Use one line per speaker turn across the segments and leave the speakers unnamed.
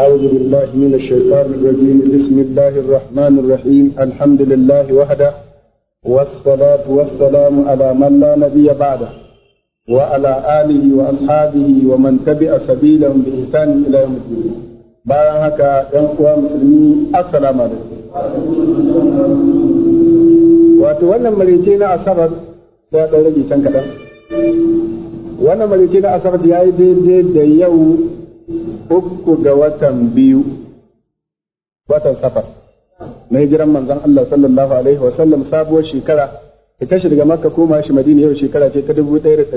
أعوذ بالله من الشيطان الرجيم بسم الله الرحمن الرحيم الحمد لله وحده والصلاة والسلام على من لا نبي بعده وعلى آله وأصحابه ومن تبع سبيلهم بإحسان إلى يوم الدين bayan haka ‘yan uwa musulmi assalamu alaikum wato wannan marice na asabar sai ɗan rage can kaɗan wannan marice na asabar ya yi daidai da yau uku ga watan biyu watan safar na hijiran manzon Allah sallallahu alaihi wa sallam sabuwar shekara da tashi daga Makka koma shi Madina yau shekara ce ta 1432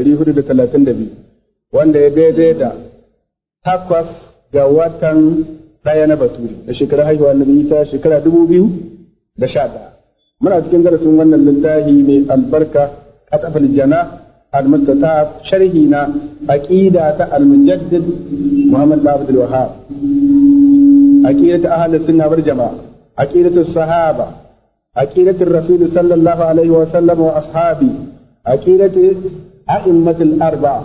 wanda ya daidai da takwas ga watan daya na Baturi da shekarar haihuwa Annabi Isa shekara 2011 muna cikin darasin wannan littafi mai albarka katafal jana المستطاب شرحنا عقيدة المجدد محمد بن عبد الوهاب عقيدة أهل السنة والجماعة عقيدة الصحابة عقيدة الرسول صلى الله عليه وسلم وأصحابه عقيدة أئمة الأربعة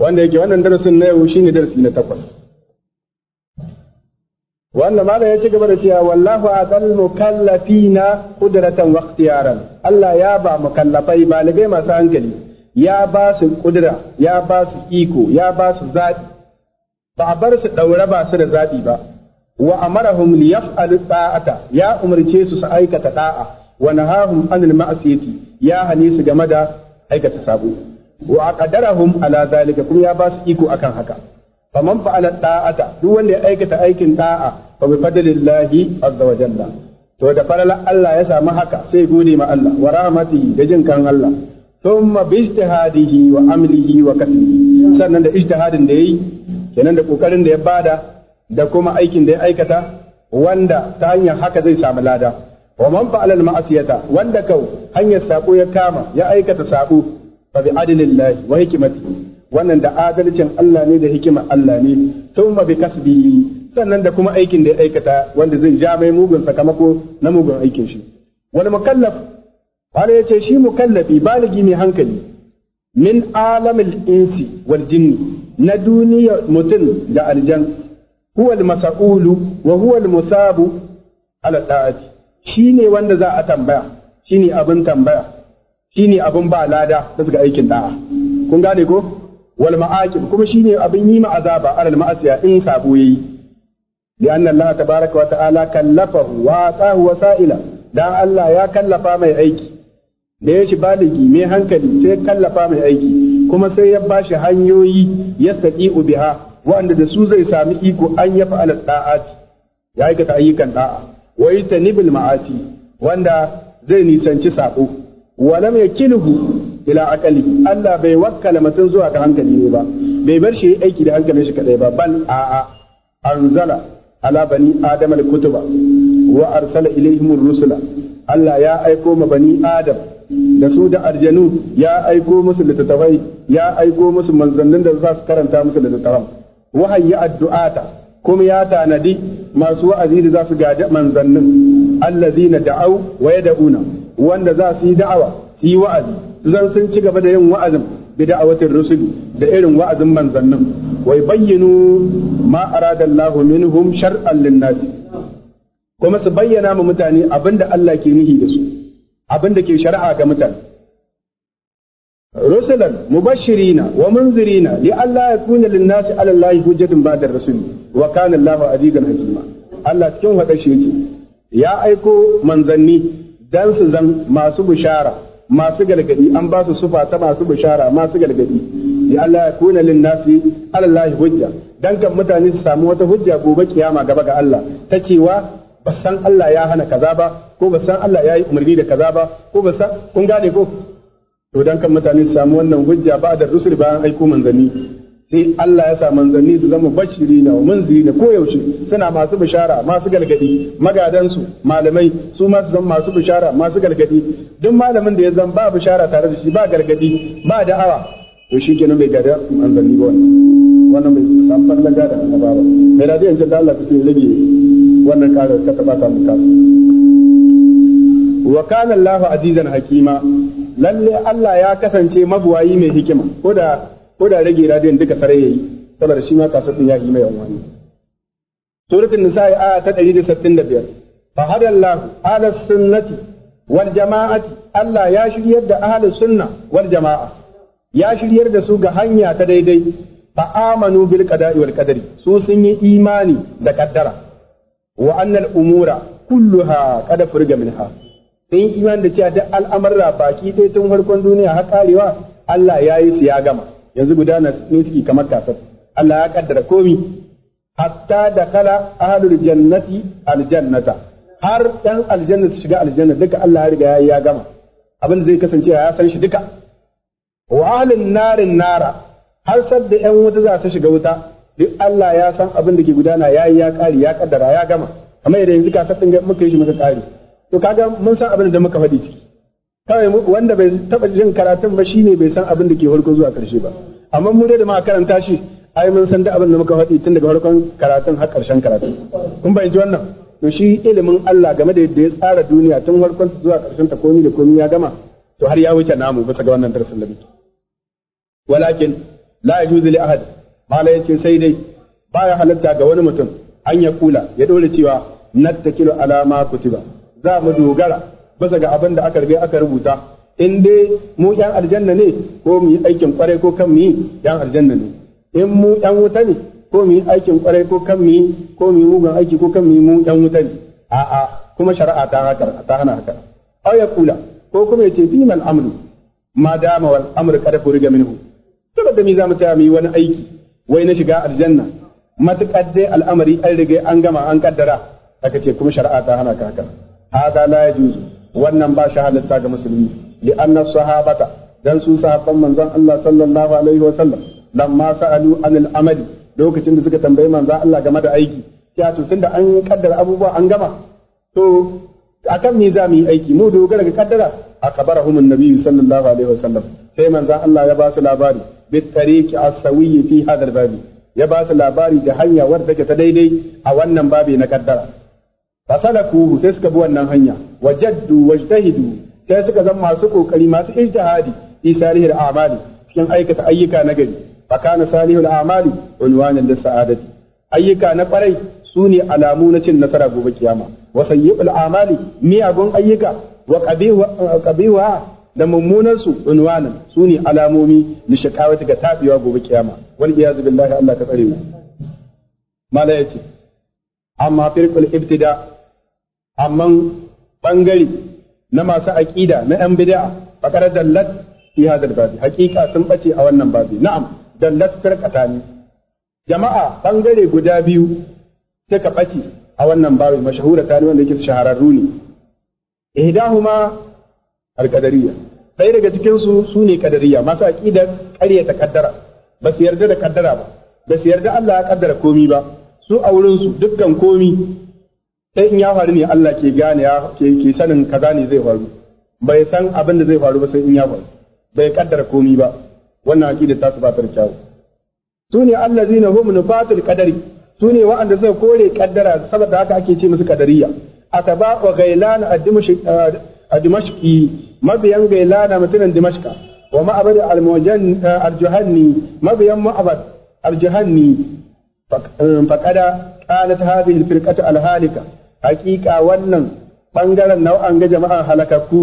wanda yake wannan darasin na yau shine darasi na takwas wanda malam ya ci gaba da cewa wallahu adal mukallafina qudratan wa Allah ya ba mukallafai baligai masu hankali ya ba su kudura ya ba su iko ya ba su zaɓi ba a bar su ɗaure ba su da zaɓi ba wa amarahum liyaf'alu ya umarce su su aikata ɗa'a wa nahahum anil ma'asiyati ya hane su game da aikata sabo wa aqadarahum ala zalika kuma ya ba su iko akan haka faman fa'ala ta'ata duk wanda ya aikata aikin ɗa'a ba bi fadlillahi azza wa jalla to da falalar Allah ya samu haka sai gode ma Allah wa rahmatihi da jin kan Allah thumma bi ijtihadihi wa amlihi wa kasbihi sannan da ijtihadin da yayi kenan da kokarin da ya bada da kuma aikin da ya aikata wanda ta hanyar haka zai samu lada wa man fa'ala al-ma'siyata wanda kau hanyar sako ya kama ya aikata sako fa bi adlillahi wa hikmati wannan da adalcin Allah ne da hikimar Allah ne thumma bi kasbihi sannan da kuma aikin da ya aikata wanda zai ja mai mugun sakamako na mugun aikin shi wani mukallaf Bala ya ce shi mukallafi baligi mai hankali min alamil insi wal na duniya mutum da aljan huwa masa'ulu wa huwa musabu ala da'ati wanda za a tambaya shi ne tambaya shi ne ba lada ta ga aikin da'a kun gane kuma shi ne abin yi ma azaba alal in sabo yayi لأن الله تبارك وتعالى كلفه وآتاه وسائلا دان الله يا كلفا مي da ya shi baligi mai hankali sai kallafa mai aiki kuma sai ya ba shi hanyoyi ya sadi biha wanda da su zai sami iko an ya fa'ala da'ati ya aikata ayyukan da'a wa yatanibil ma'asi wanda zai nisanci sako walam yakilhu ila akali Allah bai wakkala mutum zuwa ga hankali ne ba bai bar shi aiki da hankalin shi kadai ba bal a'a anzala ala bani adam al-kutuba wa arsala ilaihim rusula Allah ya aiko ma bani adam da su da arjanu ya aiko musu littattafai ya aiko musu manzannin da za su karanta musu littattafan wahayi addu'ata kuma ya tanadi masu wa'azi da za su gaji manzannin allazina da'au wa yad'una wanda za su yi da'awa su yi wa'azi zan sun ci gaba da yin wa'azin bi da'awatin rusul da irin wa'azin manzannin wai bayyinu ma arada Allahu minhum shar'an lin kuma su bayyana ma mutane abinda Allah ke nihi da su abin da ke shari'a ga mutane rusulan mubashirina wa munzirina li ya kuna lin nasi ala allahi hujjatun ba'da rasuli, wa kana allahu azizan hakima Allah cikin hada shi ya aiko manzanni dan su zan masu bishara masu galgadi an ba su sufa ta masu bishara masu galgadi li ya kuna lin nasi ala allahi hujja dan kan mutane su samu wata hujja gobe kiyama gaba ga Allah ta cewa ba san Allah ya hana kaza ba ko ba san Allah ya yi umarni da kaza ba ko ba san kun gane ko to dan kan mutane su samu wannan hujja ba da rusul bayan aiko manzanni sai Allah ya sa manzanni su zama bashirina na munzirina ko koyaushe suna masu bishara masu galgadi magadansu malamai su ma su zama masu bishara masu galgadi duk malamin da ya zama ba bishara tare da shi ba galgadi ba da'awa to shi kenan bai gada manzanni ba wannan wannan bai san falla gada na baba mai rabi yanzu da Allah sai rage wannan karar ka taba ta muka wa kana Allah azizan hakima lalle Allah ya kasance mabuwayi mai hikima ko da ko da rage radiyan duka sare yayi saboda shi ma kasatun ya yi mai wani suratul nisa aya ta 165 sunnati wal jama'ati Allah ya ألا da يد sunna wal jama'a ya shiryar da su ga hanya ta daidai fa amanu bil qada'i wal qadari su sun yi imani da kaddara wa annal umura kulluha qad furga minha sun yi imani da cewa duk al'amarra baki ɗaya tun farkon duniya har karewa Allah ya yi su ya gama yanzu gudana ne suke kamar kasar Allah ya kaddara komi hatta da kala ahlul jannati aljannata har ɗan aljanna su shiga aljanna duka Allah ya riga ya gama abin da zai kasance ya san shi duka wa ahlin narin nara har da yan wuta za su shiga wuta duk Allah ya san abin da ke gudana ya yi ya ƙari ya ƙaddara ya gama kamar yadda yanzu kasar ɗin muka yi shi muka ƙari to kaga mun san abin da muka faɗi ciki kawai wanda bai taɓa jin karatun ba shine bai san abin da ke farko zuwa ƙarshe ba amma mu dai da muka karanta shi ai mun san da abin da muka faɗi tun daga farkon karatun har ƙarshen karatun kun bayyana wannan to shi ilimin Allah game da yadda ya tsara duniya tun farkon zuwa ƙarshen ta komai da komai ya gama to har ya wuce namu bisa ga wannan darasin da muke walakin la yajuzu li ahad mala yace sai dai baya halatta ga wani mutum an ya kula ya dole cewa nattakilu ala ma kutiba za mu dogara bisa ga abin da aka rubuta aka rubuta in dai mu yan aljanna ne ko mu yi aikin kwarai ko kan mu yi yan aljanna ne in mu yan wuta ne ko mu yi aikin kwarai ko kan mu yi ko mu yi mugun aiki ko kan mu yi mu yan wuta ne a'a kuma shari'a ta haka ta hana haka aw ya kula ko kuma yace ce mal amru ma dama wal amru kada riga minhu saboda me zamu tsaya mu yi wani aiki wai na shiga aljanna matukar dai al'amari an riga an gama an kaddara aka ce kuma shari'a ta hana ka haka hada la yajuzu wannan ba shi halatta ga musulmi li anna sahabata dan su sahabban manzon Allah sallallahu alaihi wa sallam lamma sa'alu anil amali lokacin da suka tambayi manzon Allah game da aiki ya to tunda an kaddara abubuwa an gama to akan me za mu yi aiki mu dogara ga kaddara akhbarahum an-nabi sallallahu alaihi wasallam sai manzon Allah ya ba su labari Bittare tariqi as-sawi fi hadha babi ya ba su labari da hanya wadda take ta daidai a wannan babi na kaddara fasalakuhu sai suka bi wannan hanya wajaddu wajtahidu sai suka zama masu kokari masu ijtihadi fi salihil a'mali cikin aikata ayyuka na gari fa kana salihul a'mali unwanan lis sa'adati ayyuka na kwarai su ne alamu na cin nasara gobe kiyama wa sayyi'ul amali miyagun ayyuka wa qabiha da mummunan su unwanan su ne alamomi na shakawata ga tabiwa gobe kiyama wal iyazu billahi Allah ka tsare mu mala yace amma firqul ibtida amman bangare na masu aqida na yan bid'a fakar dallat fi hadal babi Haƙiƙa sun bace a wannan babi na'am dallat firqatani jama'a bangare guda biyu ka ɓace a wannan babu mashahura ta ne wanda yake shahararru ne ihdahuma alqadariyya ɗaya daga cikin su su ne qadariyya masu aqidar ta kaddara ba su yarda da kaddara ba ba su yarda Allah ya kaddara komi ba su a wurin su dukkan komi sai in ya faru ne Allah ke gane ya ke sanin kaza ne zai faru bai san abin da zai faru ba sai in ya faru bai kaddara komi ba wannan aqidar ta su ba ta da kyawu su ne allazina hum nufatul qadari su ne waɗanda suka kore kaddara saboda haka ake ce musu kadariya ataba wa gailan a dimashqi mabiyan gailana mutumin dimashqa wa ma'abad al-juhanni al mabiyan ma'abad al-juhanni um, faqada qalat hadhihi al-firqatu al-halika haqiqa wannan bangaren nau'an ga jama'a halakaku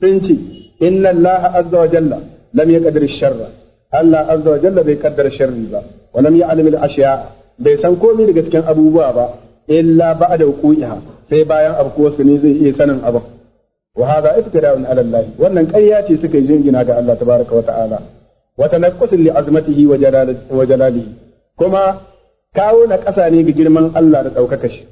sun ce inna Allah azza wa jalla lam yaqdir sharra Allah azza wa jalla bai kaddara sharri ba wa lam ya'lam al-ashya'a bai san komai daga cikin abubuwa ba illa da hukuiha sai bayan afkuwar su ne zai iya sanin abin wa hadha iftira'un 'ala Allah wannan ƙarya ce suka jingina ga Allah tabaraka wa ta'ala wa tanaqqusun li azmatihi wa jalalihi kuma kawo na ƙasa ne ga girman Allah da ɗaukaka shi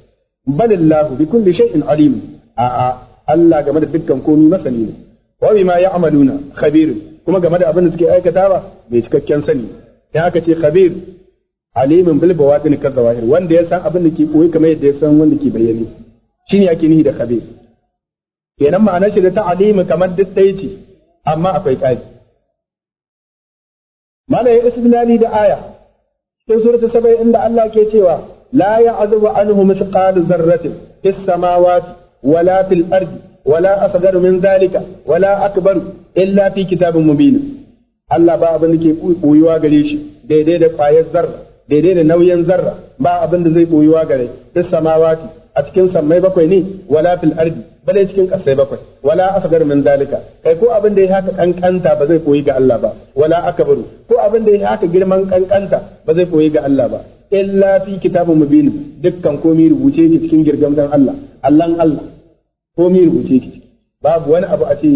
balillahu bi kulli shay'in alim a'a Allah game da dukkan komai masani ne wa bima ya'maluna khabir kuma game da abin da suke aikata aikatawa bai cikakken sani ya aka ce khabir alimin bil bawadin ka zawahir wanda ya san abin da ke koyi kamar yadda ya san wanda ke bayyane shine yake nihi da khabir kenan ma'ana shi da ta alimi kamar duk ɗaya ce amma akwai ƙari malayin istilali da aya cikin surata sabai inda Allah ke cewa la ya'zubu anhu mithqalu zarratin fis samawati wala fil ardi wala asgharu min zalika wala akbaru illa fi kitabin mubin Allah ba abin da ke koyuwa gare shi daidai da kwayar zarra daidai da nauyin zarra ba abin da zai boyuwa gare fis samawati a cikin sammai bakwai ne wala fil ardi bale cikin kasai bakwai wala asgar min dalika kai ko abin da ya haka kankanta ba zai koyi ga Allah ba wala akbaru ko abin da ya haka girman kankanta ba zai koyi ga Allah ba illa fi kitabun mubin dukkan komai rubuce ki cikin girgam dan Allah Allah Allah komai rubuce ki babu wani abu a ce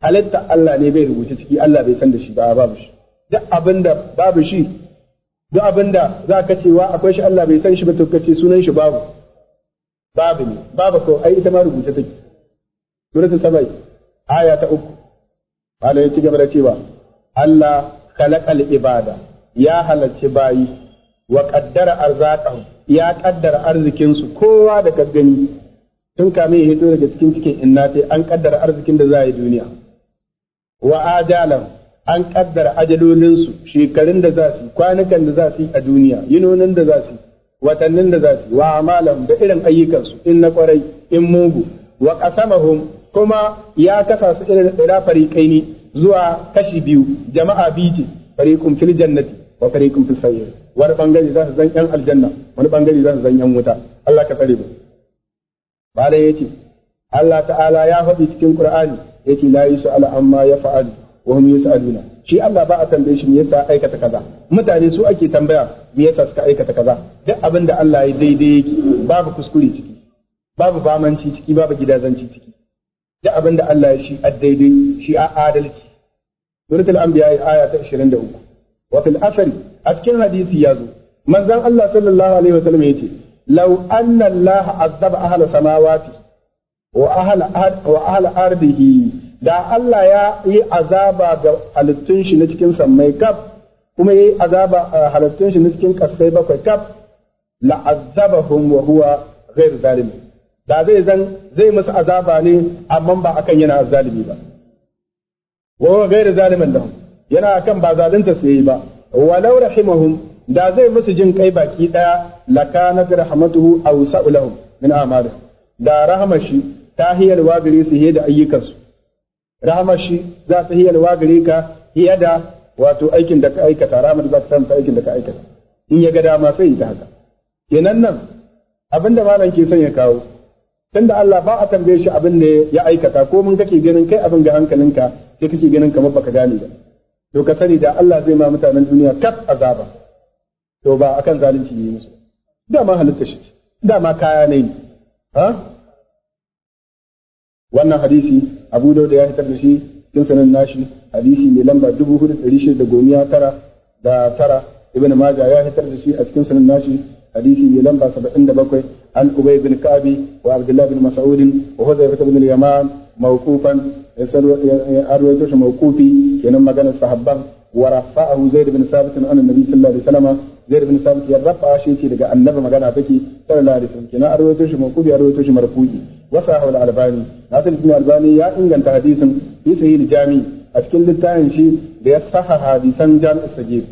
halitta Allah ne bai rubuce ciki Allah bai san da shi ba babu shi duk abin da babu shi duk abin da za ka cewa akwai shi Allah bai san shi ba to kace sunan shi babu babu ne babu ko ai ita ma rubuce take suratul sabai aya ta uku Allah ya ci gaba da cewa Allah khalaqal ibada ya halarci bayi wa qaddara arzaqahum ya ƙaddara arzikin su kowa da ka gani tun kame ya hito daga cikin cikin inna an ƙaddara arzikin da za yi duniya wa ajalan an kaddara ajalolinsu shekarun da za su kwanukan da za su yi a duniya yinonin da za su watannin da za su wa amalan da irin ayyukansu in na kwarai in mugu wa qasamahum kuma ya kasa su irin ila fariqaini zuwa kashi biyu jama'a biyu ce fariqun fil jannati wa fariqun fis sayyi wani bangare za su zan yan aljanna wani bangare za su zan yan wuta Allah ka tsare mu bare yace Allah ta'ala ya faɗi cikin Qur'ani yace la yusalu amma ya wa hum yus'aluna shi Allah ba a tambaye shi me yasa aikata kaza mutane su ake tambaya me yasa suka aikata kaza duk abin da Allah ya daidai yake babu kuskure ciki babu bamanci ciki babu gidazanci ciki duk abin da Allah ya shi daidai shi a adalci suratul anbiya aya ta 23 wa fil asari a cikin hadisi ya zo manzon Allah sallallahu alaihi wasallam yace law anna Allah azaba ahla samawati wa ahla wa ahla ardihi da Allah ya yi azaba ga halittun shi na cikin sammai kaf kuma ya yi azaba a halittun shi na cikin kasai bakwai kaf la'azzabahum wa huwa ghair zalimi da zai zan zai musu azaba ne amma ba akan yana zalimi ba wa huwa da zalimin lahum yana akan ba zalunta su yi ba walau rahimahum da zai musu jin kai baki daya lakanat rahmatuhu awsa'u lahum min a'malihim da Rahama shi ta wa gare su da ayyukansu rahamar shi za ta hiyar wa gare ka hiya da wato aikin da ka aikata rahamar za ka samu aikin da ka aikata in ya ga dama sai ita haka kenan nan abin da malam ke son ya kawo tunda Allah ba a tambaye shi abin da ya aikata ko mun kake ganin kai abin ga hankalinka sai kake ganin kamar baka gane ba to ka sani da Allah zai ma mutanen duniya kaf azaba to ba akan zalunci ne musu dama halitta shi dama kaya ne ha wannan hadisi abu dauda ya fitar da shi cikin sanin nashi hadisi mai lamba dubu hudu ɗari shida da gomiya tara da tara ibn maja ya fitar da shi a cikin sanin nashi hadisi mai lamba saba'in da bakwai an ubay bin ka'abi wa abdullahi bin mas'udin wa hudayfa bin yaman mawqufan arwaito shi mawqufi kenan magana sahabban wa rafa'ahu zaid bin sabit an annabi sallallahu alaihi wasallam zaid bin sabit ya rafa'a shi ce daga annabi magana take sallallahu alaihi wasallam kenan arwaito shi mawqufi arwaito shi marfu'i wasahu al-albani nasir ibn albani ya inganta hadisin fi sahih jami a cikin littafin shi da ya saha hadisan jami'is sagir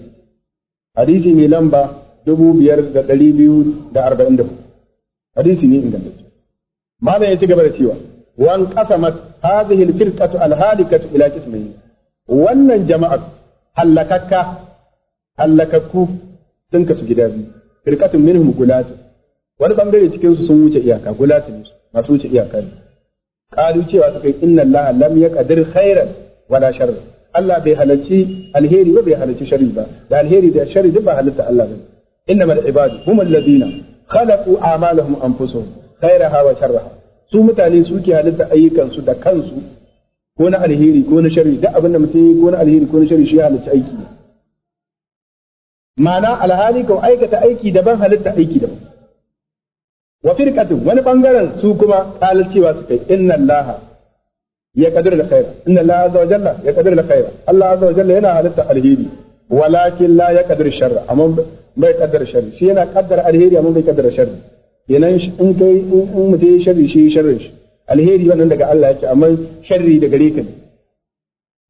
hadisi mai lamba 5244 hadisi ne ingantacce malam ya ci gaba da cewa wan qasamat hadhihi al-firqatu al-halikatu ila qismayn wannan jama'ar hallakakka hallakakku sun kasu gida biyu firqatun minhum gulatu wani bangare cikin su sun wuce iyaka gulatu ne su masu wuce iyaka ne qalu cewa suka yi inna allaha lam yaqdir khairan wala sharra Allah bai halarci alheri ba bai halarci sharri ba da alheri da sharri duk ba halitta Allah bane innamal ibadu hum alladhina khalaqu a'malahum anfusuhum khairaha wa sharraha su mutane suke halitta ayyukansu da kansu ko na alheri ko na sharri duk abin da mutum ko na alheri ko na sharri shi halarci aiki ne ma'ana alhali kau aikata aiki daban halitta aiki daban wa firqatin wani bangaren su kuma qalat cewa su kai inna allaha ya kadir da khaira inna allaha azza wa jalla ya kadir da khaira allah azza wa jalla yana halitta alheri walakin la ya kadir sharra amma bai qaddara sharri shi yana qaddara alheri amma bai qaddara sharri kenan in kai in mutai sharri shi sharrin shi alheri wannan daga Allah yake amma sharri daga gare ka ne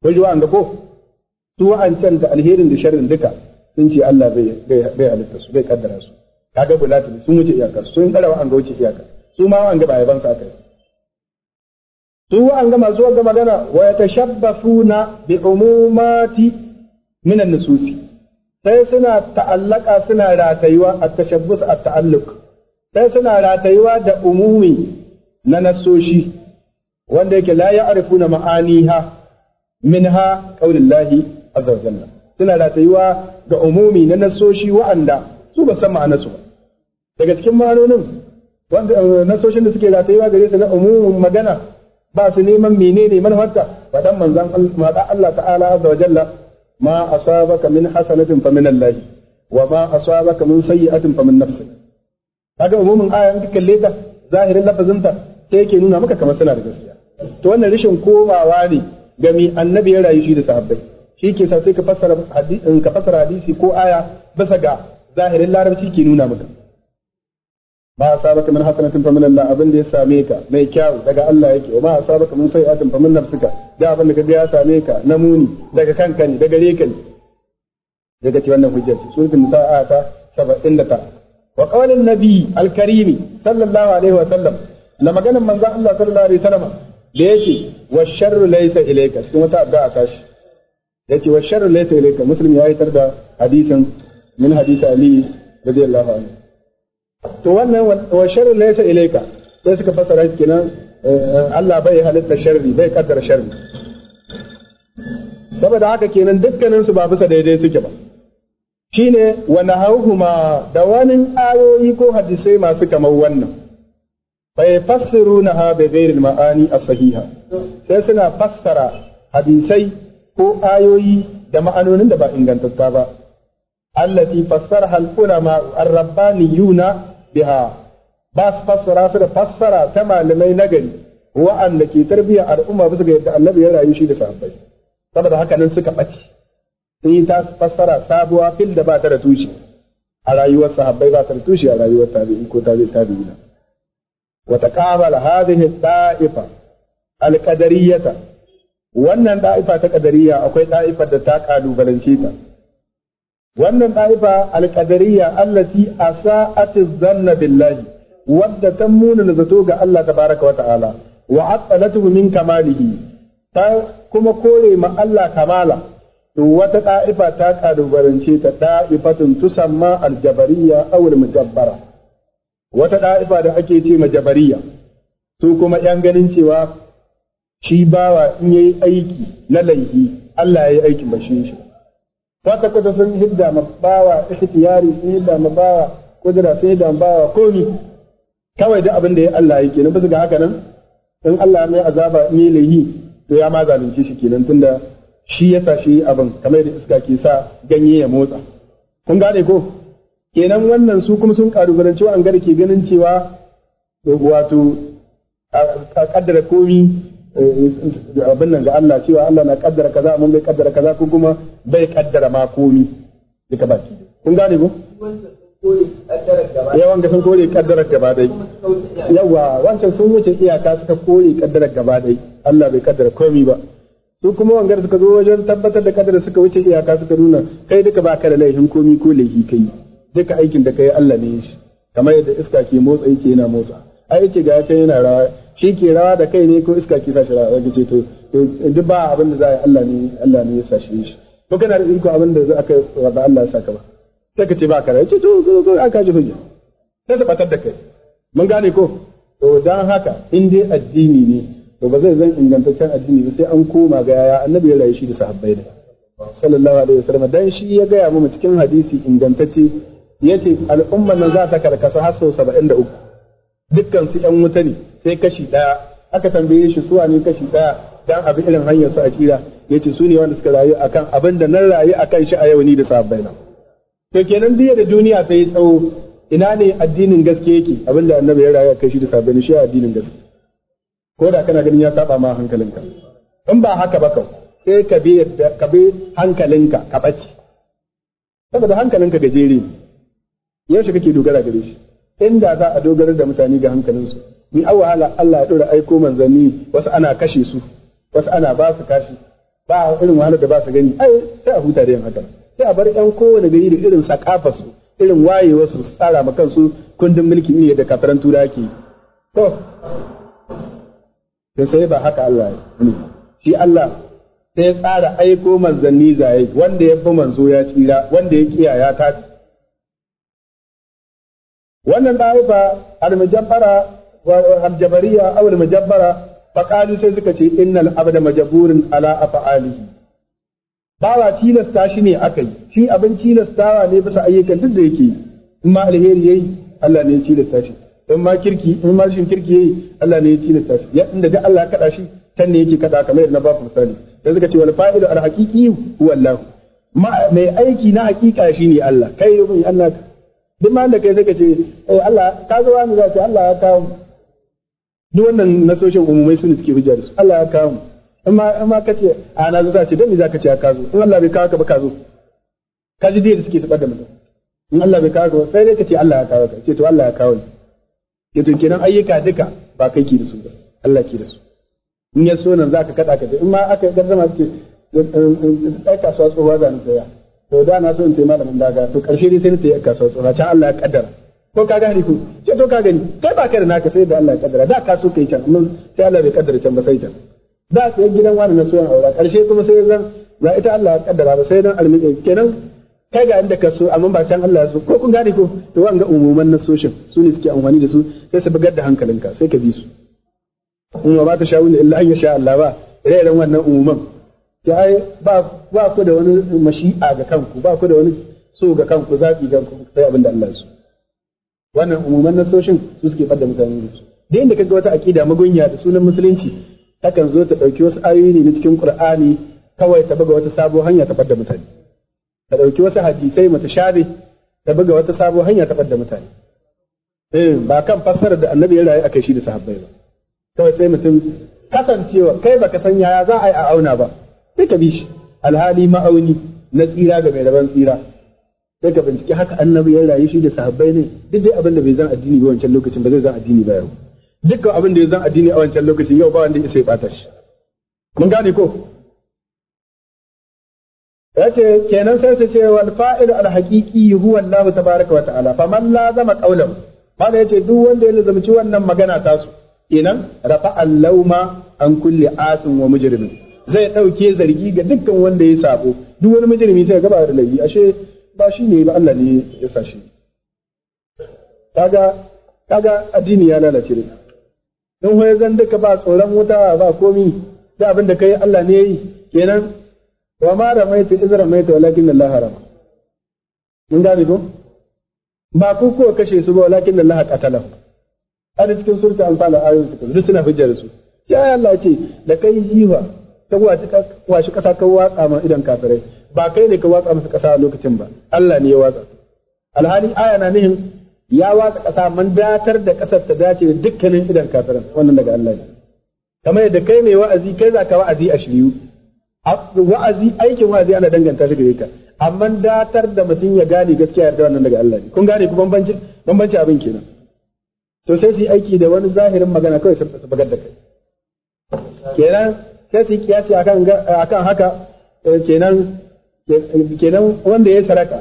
ko ji wa'anda ko su an da alherin da sharrin duka sun ce Allah bai halitta su bai kaddara su kaga bulatili sun wuce iyaka sun karawa an ga wuce iyaka su ma an ga bayan sa aka yi su an ga masu wanga magana wa yatashabbasuna bi umumati min an-nususi sai suna ta'allaka suna ratayuwa at-tashabbus at-ta'alluq sai suna ratayuwa da umumi na nasoshi wanda yake la ya'rifuna ma'aniha minha qaulillahi azza wa jalla suna ratayuwa ga umumi na nasoshi wa'anda su ba san ma'anarsu ba daga cikin ma'anonin eh, nasoshin da suke ratayewa gare su na umumin magana ba su neman menene manufarta dan manzan Allah ta'ala azza wa jalla ma asabaka min hasanatin fa min Allah wa ma asabaka min sayyi'atin fa min nafsi kaga umumin aya in kalle ta zahirin ta sai yake nuna maka kamar suna da gaskiya to wannan rashin komawa ne ga mi annabi ya rayu shi da sahabbai shi ke sa sai ka fassara hadisi ka fassara hadisi ko aya bisa ga zahirin larabci ke nuna maka ma asabaka min hasanatin fa min Allah abin da ya same ka mai kyau daga Allah yake wa ma asabaka min sayi'atin fa min nafsika da abin da kaga ya same ka na muni daga kanka ne daga gare ka ne daga ci wannan hujjar ce suratul nisa ayata 79 wa qawlan nabi al-karim sallallahu alaihi wa sallam na maganar manzon Allah sallallahu alaihi wa sallam da yake wa sharru laysa ilayka cikin wata addu'a ta shi yace wa sharru laysa ilayka muslim ya yi da hadisin min hadisi ali radiyallahu anhu to wannan wa sharri laysa ilayka sai suka fasara shi kenan eh, eh, Allah bai halitta sharri bai kaddara sharri saboda haka kenan dukkanin su ba bisa daidai suke ba shine wa nahawhuma da wani ayoyi ko hadisai masu kamar wannan bai fassiru na ha bai gairin ma'ani a sahiha sai suna fassara hadisai ko ayoyi da ma'anonin da ba ingantatta ba allati fassara halkuna ma'ar-rabbaniyuna biha ba su fassara su da fassara ta malamai nagari wa'anda ke tarbiyyar al'umma bisa ga yadda annabi ya rayu shi da sahabbai saboda haka nan suka ɓace sun yi ta fassara sabuwa fil da ba ta da tushe a rayuwar sahabbai ba ta da tushe a rayuwar tabi'i ko tabi'i tabi'ina wa taqabala hadhihi da'ifa al-qadariyata wannan da'ifa ta qadariyya akwai da'ifar da ta kalubalance ta wannan ɗaifa alƙadariya allati asa'ati zanna billahi wadda ta muna zato ga Allah tabaraka wa ta'ala wa atsalatu min kamalihi ta kuma kore ma Allah kamala wata ɗa'ifa ta kalubalance ta ɗa'ifatun tusamma aljabariya awul mujabbara wata ɗa'ifa da ake ce ma jabariya su kuma ‘yan ganin cewa shi bawa in yayi aiki na laihi Allah ya yi aikin bashin shi ta kwata sun hidda ma bawa ikhtiyari sun hidda ma bawa kudura sun hidda ma bawa komi kawai da abin da ya Allah yake nan bisa ga haka nan in Allah mai azaba ne layi to ya ma zalunce shi kenan tunda shi yasa shi abin kamar da iska ke sa ganye ya motsa kun gane ko kenan wannan su kuma sun kalubalanci an gada ke ganin cewa wato a kaddara komi abin nan ga Allah cewa Allah na kaddara kaza mun bai kaddara kaza ko kuma bai kaddara ma komi duka baki kun gane ko yawan ga sun kore kaddarar gaba dai yawa wancan sun wuce iyaka suka kore kaddarar gaba dai Allah bai kaddara komi ba su kuma wangar suka zo wajen tabbatar da kaddarar suka wuce iyaka suka nuna kai duka ba ka da laifin komi ko laifi kai duka aikin da kai Allah ne shi kamar yadda iska ke motsa yake yana motsa ai yake ga kai yana rawa shi ke rawa da kai ne ko iska ke sashi rawa ga ce to duk ba abin da za a yi Allah ne Allah ne ya sashi shi ko kana da iko abin da za ka wanda Allah ya saka ba sai ka ce ba ka rawa ce to ko aka ji hujja sai su batar da kai mun gane ko to dan haka in dai addini ne to ba zai zan ingantaccen addini ba sai an koma ga yaya annabi ya rayu shi da sahabbai da sallallahu alaihi wasallam dan shi ya gaya mu cikin hadisi ingantacce yace al'ummar nan za ta karkasa har sau 73 dukkan su yan wuta ne sai kashi ɗaya aka tambaye shi suwa ne kashi ɗaya dan abin irin hanyar su a tsira yace su ne wanda suka rayu akan abin da nan rayu akan shi a yau ni da sahabbai na to kenan biya da duniya ta yi tsawo ina ne addinin gaske yake abin da annabi ya rayu akan shi da ne shi addinin gaske ko da kana ganin ya saba ma hankalinka in ba haka ba kau sai ka bi ka bi hankalinka ka ɓaci saboda hankalinka gajere ne shi kake dogara gare shi inda za a dogara da mutane ga hankalinsu in an wahala Allah ya ɗora aiko manzanni wasu ana kashe su wasu ana ba su kashi ba irin wahalar da ba su gani ai sai a huta da yin haka sai a bar ɗan kowane gari da irin sakafa su irin wayewa su tsara ma kansu kundin mulki ne da kafaran tura ke to sai ba haka Allah ya ne shi Allah sai tsara aiko manzanni zaye wanda ya bi manzo ya tsira wanda ya kiyaya ta tafi wannan ɗaya ba almijan fara aljabariya aw almujabbara faqalu sai suka ce innal abda ala bawa tilasta shi ne aka yi shi abin tilastawa ne bisa ayyukan duk da yake yi in ma alheri yayi Allah ne ya tilasta shi in ma kirki in ma kirki yayi Allah ne ya tilasta shi Yadda inda Allah ya shi tan ne yake kaɗa kamar yadda na ba ku misali sai suka ce wal fa'idu al haqiqi huwa Allah mai aiki na hakika Allah Allah kai ya kawo duk wannan nasoshin umumai su ne suke hujja da su Allah ya kawo mu amma amma kace a na zo sace dan me zaka ce ka zo in Allah bai kawo ka ba ka zo ka ji da suke tabar da mutum in Allah bai kawo ka ba sai dai kace Allah ya kawo ka ce to Allah ya kawo ni tunke kenan ayyuka duka ba kai ki da su ba Allah ki da su in ya so nan zaka kada ka in ma aka garzama ce ai eh, eh, kasuwa tsohuwa zan tsaya to da na so in da mun daga to karshe dai sai na tayi kasuwa tsohuwa can Allah ya kaddara ko ka gane ko ce to ka gani kai ba kai da naka sai da Allah ya kaddara da ka so kai can amma sai Allah bai kaddara can ba sai can da sai gidan wani na so aura karshe kuma sai zan ba ita Allah ya kaddara ba sai dan almin kenan kai ga inda ka so amma ba can Allah ya so ko kun gane ko to wanga umuman na soshin su ne suke amfani da su sai su bugar da hankalinka sai ka bi su kuma ba ta sha'un illa an yasha Allah ba ire-iren wannan umuman ta ai ba ba ku da wani mashi'a ga kanku ba ku da wani so ga kanku zabi ga kanku sai abin da Allah ya so wannan umuman nasoshin su suke fadda mutane da su da inda kaga wata aqida magunya da sunan musulunci takan zo ta dauki wasu ayoyi ne na cikin qur'ani kawai ta buga wata sabo hanya ta fadda mutane ta dauki wasu hadisai mata mutashabi ta buga wata sabo hanya ta fadda mutane eh ba kan fassara da annabi ya rayu akai shi da sahabbai ba kawai sai mutum kasancewa kai baka san yaya za a yi a auna ba sai ka bi shi alhali ma'auni na tsira ga mai rabon tsira sai ka bincike haka annabi ya rayu shi da sahabbai ne duk dai abin da bai zan addini ba wancan lokacin ba zai zan addini ba yau dukkan abin da ya zan addini a wancan lokacin yau ba wanda ya sai bata shi mun gane ko Ya ce kenan sai ta ce wal fa'il al haqiqi huwa Allah tabaaraka wa ta'ala faman lazama qawlan ya yace duk wanda ya lazamci wannan magana ta su kenan rafa al-lauma an kulli asin wa mujrimin zai dauke zargi ga dukkan wanda ya sabo duk wani mujrimi sai ga ba da laifi ashe ba shi ne ba Allah ne ya sa shi kaga kaga addini ya lalace ne don hoye zan duka ba tsoron wuta ba komi da abin da kai Allah ne yi kenan wa ma ramaitu iz ramaitu walakin Allah haram. mun gane ko ba ku ko kashe su ba walakin Allah qatala ana cikin surta anfal ayoyin su duk suna hujjar su ya Allah ce da kai jiwa ta wace washi kasa kan waka ma idan kafirai ba kai ne ka watsa masa ƙasa a lokacin ba Allah ne ya watsa alhali aya na nihin ya watsa ƙasa man datar da ƙasar ta dace da dukkanin idan kafiran wannan daga Allah ne kamar yadda kai mai wa'azi kai za ka wa'azi a shiryu wa'azi aikin wa'azi ana danganta shi gare ka amma datar da mutum ya gane gaskiya yarda wannan daga Allah ne kun gane ku bambanci bambanci abin kenan to sai su yi aiki da wani zahirin magana kawai sun su bagar da kai kenan sai su yi kiyasi akan haka eh, kenan kenan wanda ya saraka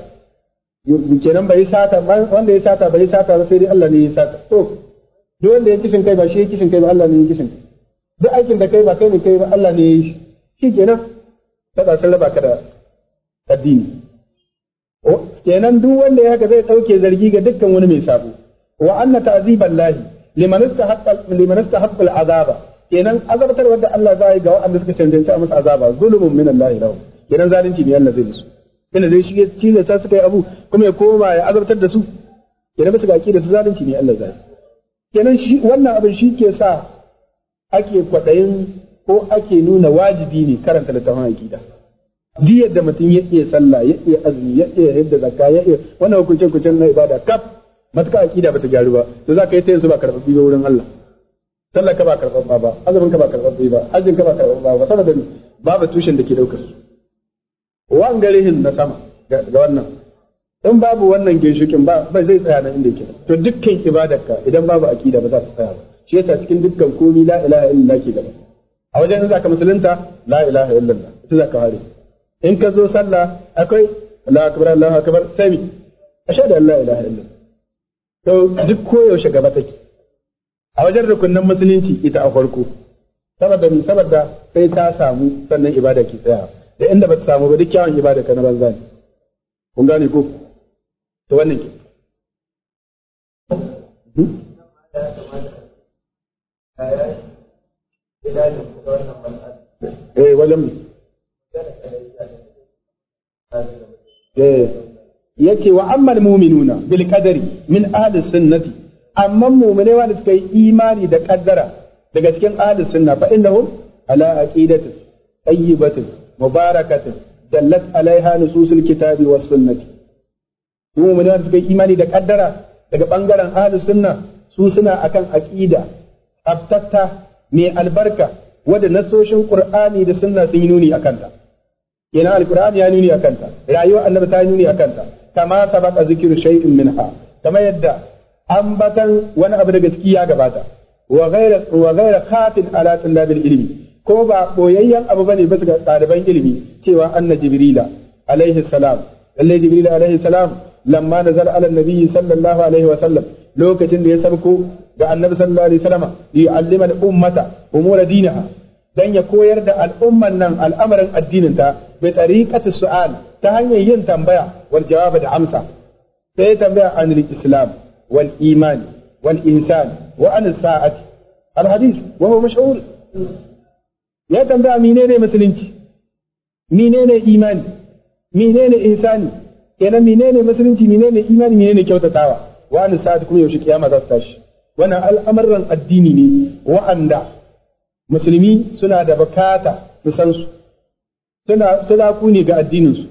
kenan bai sata wanda ya sata bai sata ba sai dai Allah ne ya sata to duk wanda ya kishin kai ba shi ya kishin kai ba Allah ne ya kishin kai duk aikin da kai ba kai ne kai ba Allah ne ya yi shi kenan ta ba sun raba ka da addini kenan duk wanda ya haka zai dauke zargi ga dukkan wani mai sabo wa anna ta'ziballahi liman istahaqqa liman istahaqqa azaba kenan azabtar wanda Allah zai ga wanda suka cancanci a masa azaba zulmun min Allah lahu Idan zalunci ne Allah zai musu tunda zai shige cizo ta suka yi abu kuma ya koma ya azabtar da su ba su ga da su zalunci ne Allah zai kenan shi wannan abin shi ke sa ake kwaɗayin ko ake nuna wajibi ne karanta littafin aqida duk yadda mutum ya iya sallah ya iya azumi ya iya yadda zakka ya iya wannan hukuncin kucin na ibada kaf matuka aqida bata gyaru ba to za ka yi ta yin su ba karɓaɓɓi ba wurin Allah sallah ka ba karɓaɓɓa ba azumin ka ba karɓaɓɓi ba hajjin ka ba karɓaɓɓa ba saboda babu tushen da ke ɗaukar su wangarihin na sama ga wannan in babu wannan ginshikin ba ba zai tsaya nan inda yake to dukkan ibadarka idan babu akida ba za ta tsaya ba shi yasa cikin dukkan komi la ilaha illallah ke gaba a wajen da zaka musulunta la ilaha illallah ita zaka hare in ka zo sallah akwai Allahu akbar Allahu akbar sami ashhadu an la ilaha illallah to duk koyaushe gaba take a wajen rukunin musulunci ita a farko saboda saboda sai ta samu sannan ibada ke tsayawa da inda ba ta samu ba duk kyawun ibada ka na banza ne kun gane ko to wannan ke hmm? eh wajen eh yace wa ammal mu'minuna bil qadari min ahli sunnati amma mu'mine wanda suka yi imani da kaddara daga cikin ahli sunna fa innahum ala aqidatin tayyibatin mubarakatin dallat alaiha nususul kitabi was Kuma mu da suka yi imani da kaddara daga bangaren ahlus sunna su suna akan aqida abtatta mai albarka wanda nasoshin qur'ani da sunna sun yi nuni akan ta ina alqur'ani ya nuni akan ta rayuwar annabi ta yi nuni akan ta kama sabaqa zikru shay'in minha kama yadda ambatan wani abu daga ciki ya gabata wa ghayra wa ghayra khatin ala talabil ilmi ko ba boyayyen abu bane bisa ga ɗaliban ilimi cewa anna jibrila alaihi salam lalle jibrila alaihi salam lamma nazar ala nabiyyi sallallahu alaihi wa sallam lokacin da ya sabko ga annabi sallallahu alaihi wasallam yu'allima al-ummata umura dinaha dan ya koyar da al'umman nan al'amarin addininta bi tariqati su'al ta hanyar yin tambaya wal jawab da amsa sai ya tambaya anil islam wal iman wal ihsan wa an sa'ati al hadith wa huwa mashhur ya tambaya menene musulunci menene imani menene ihsani kenan menene musulunci menene imani menene kyautatawa Wani sati kuma yaushe kiyama za su tashi wannan al'amuran addini ne wa'anda musulmi suna da bukata su san su suna tulaku ne ga addinin su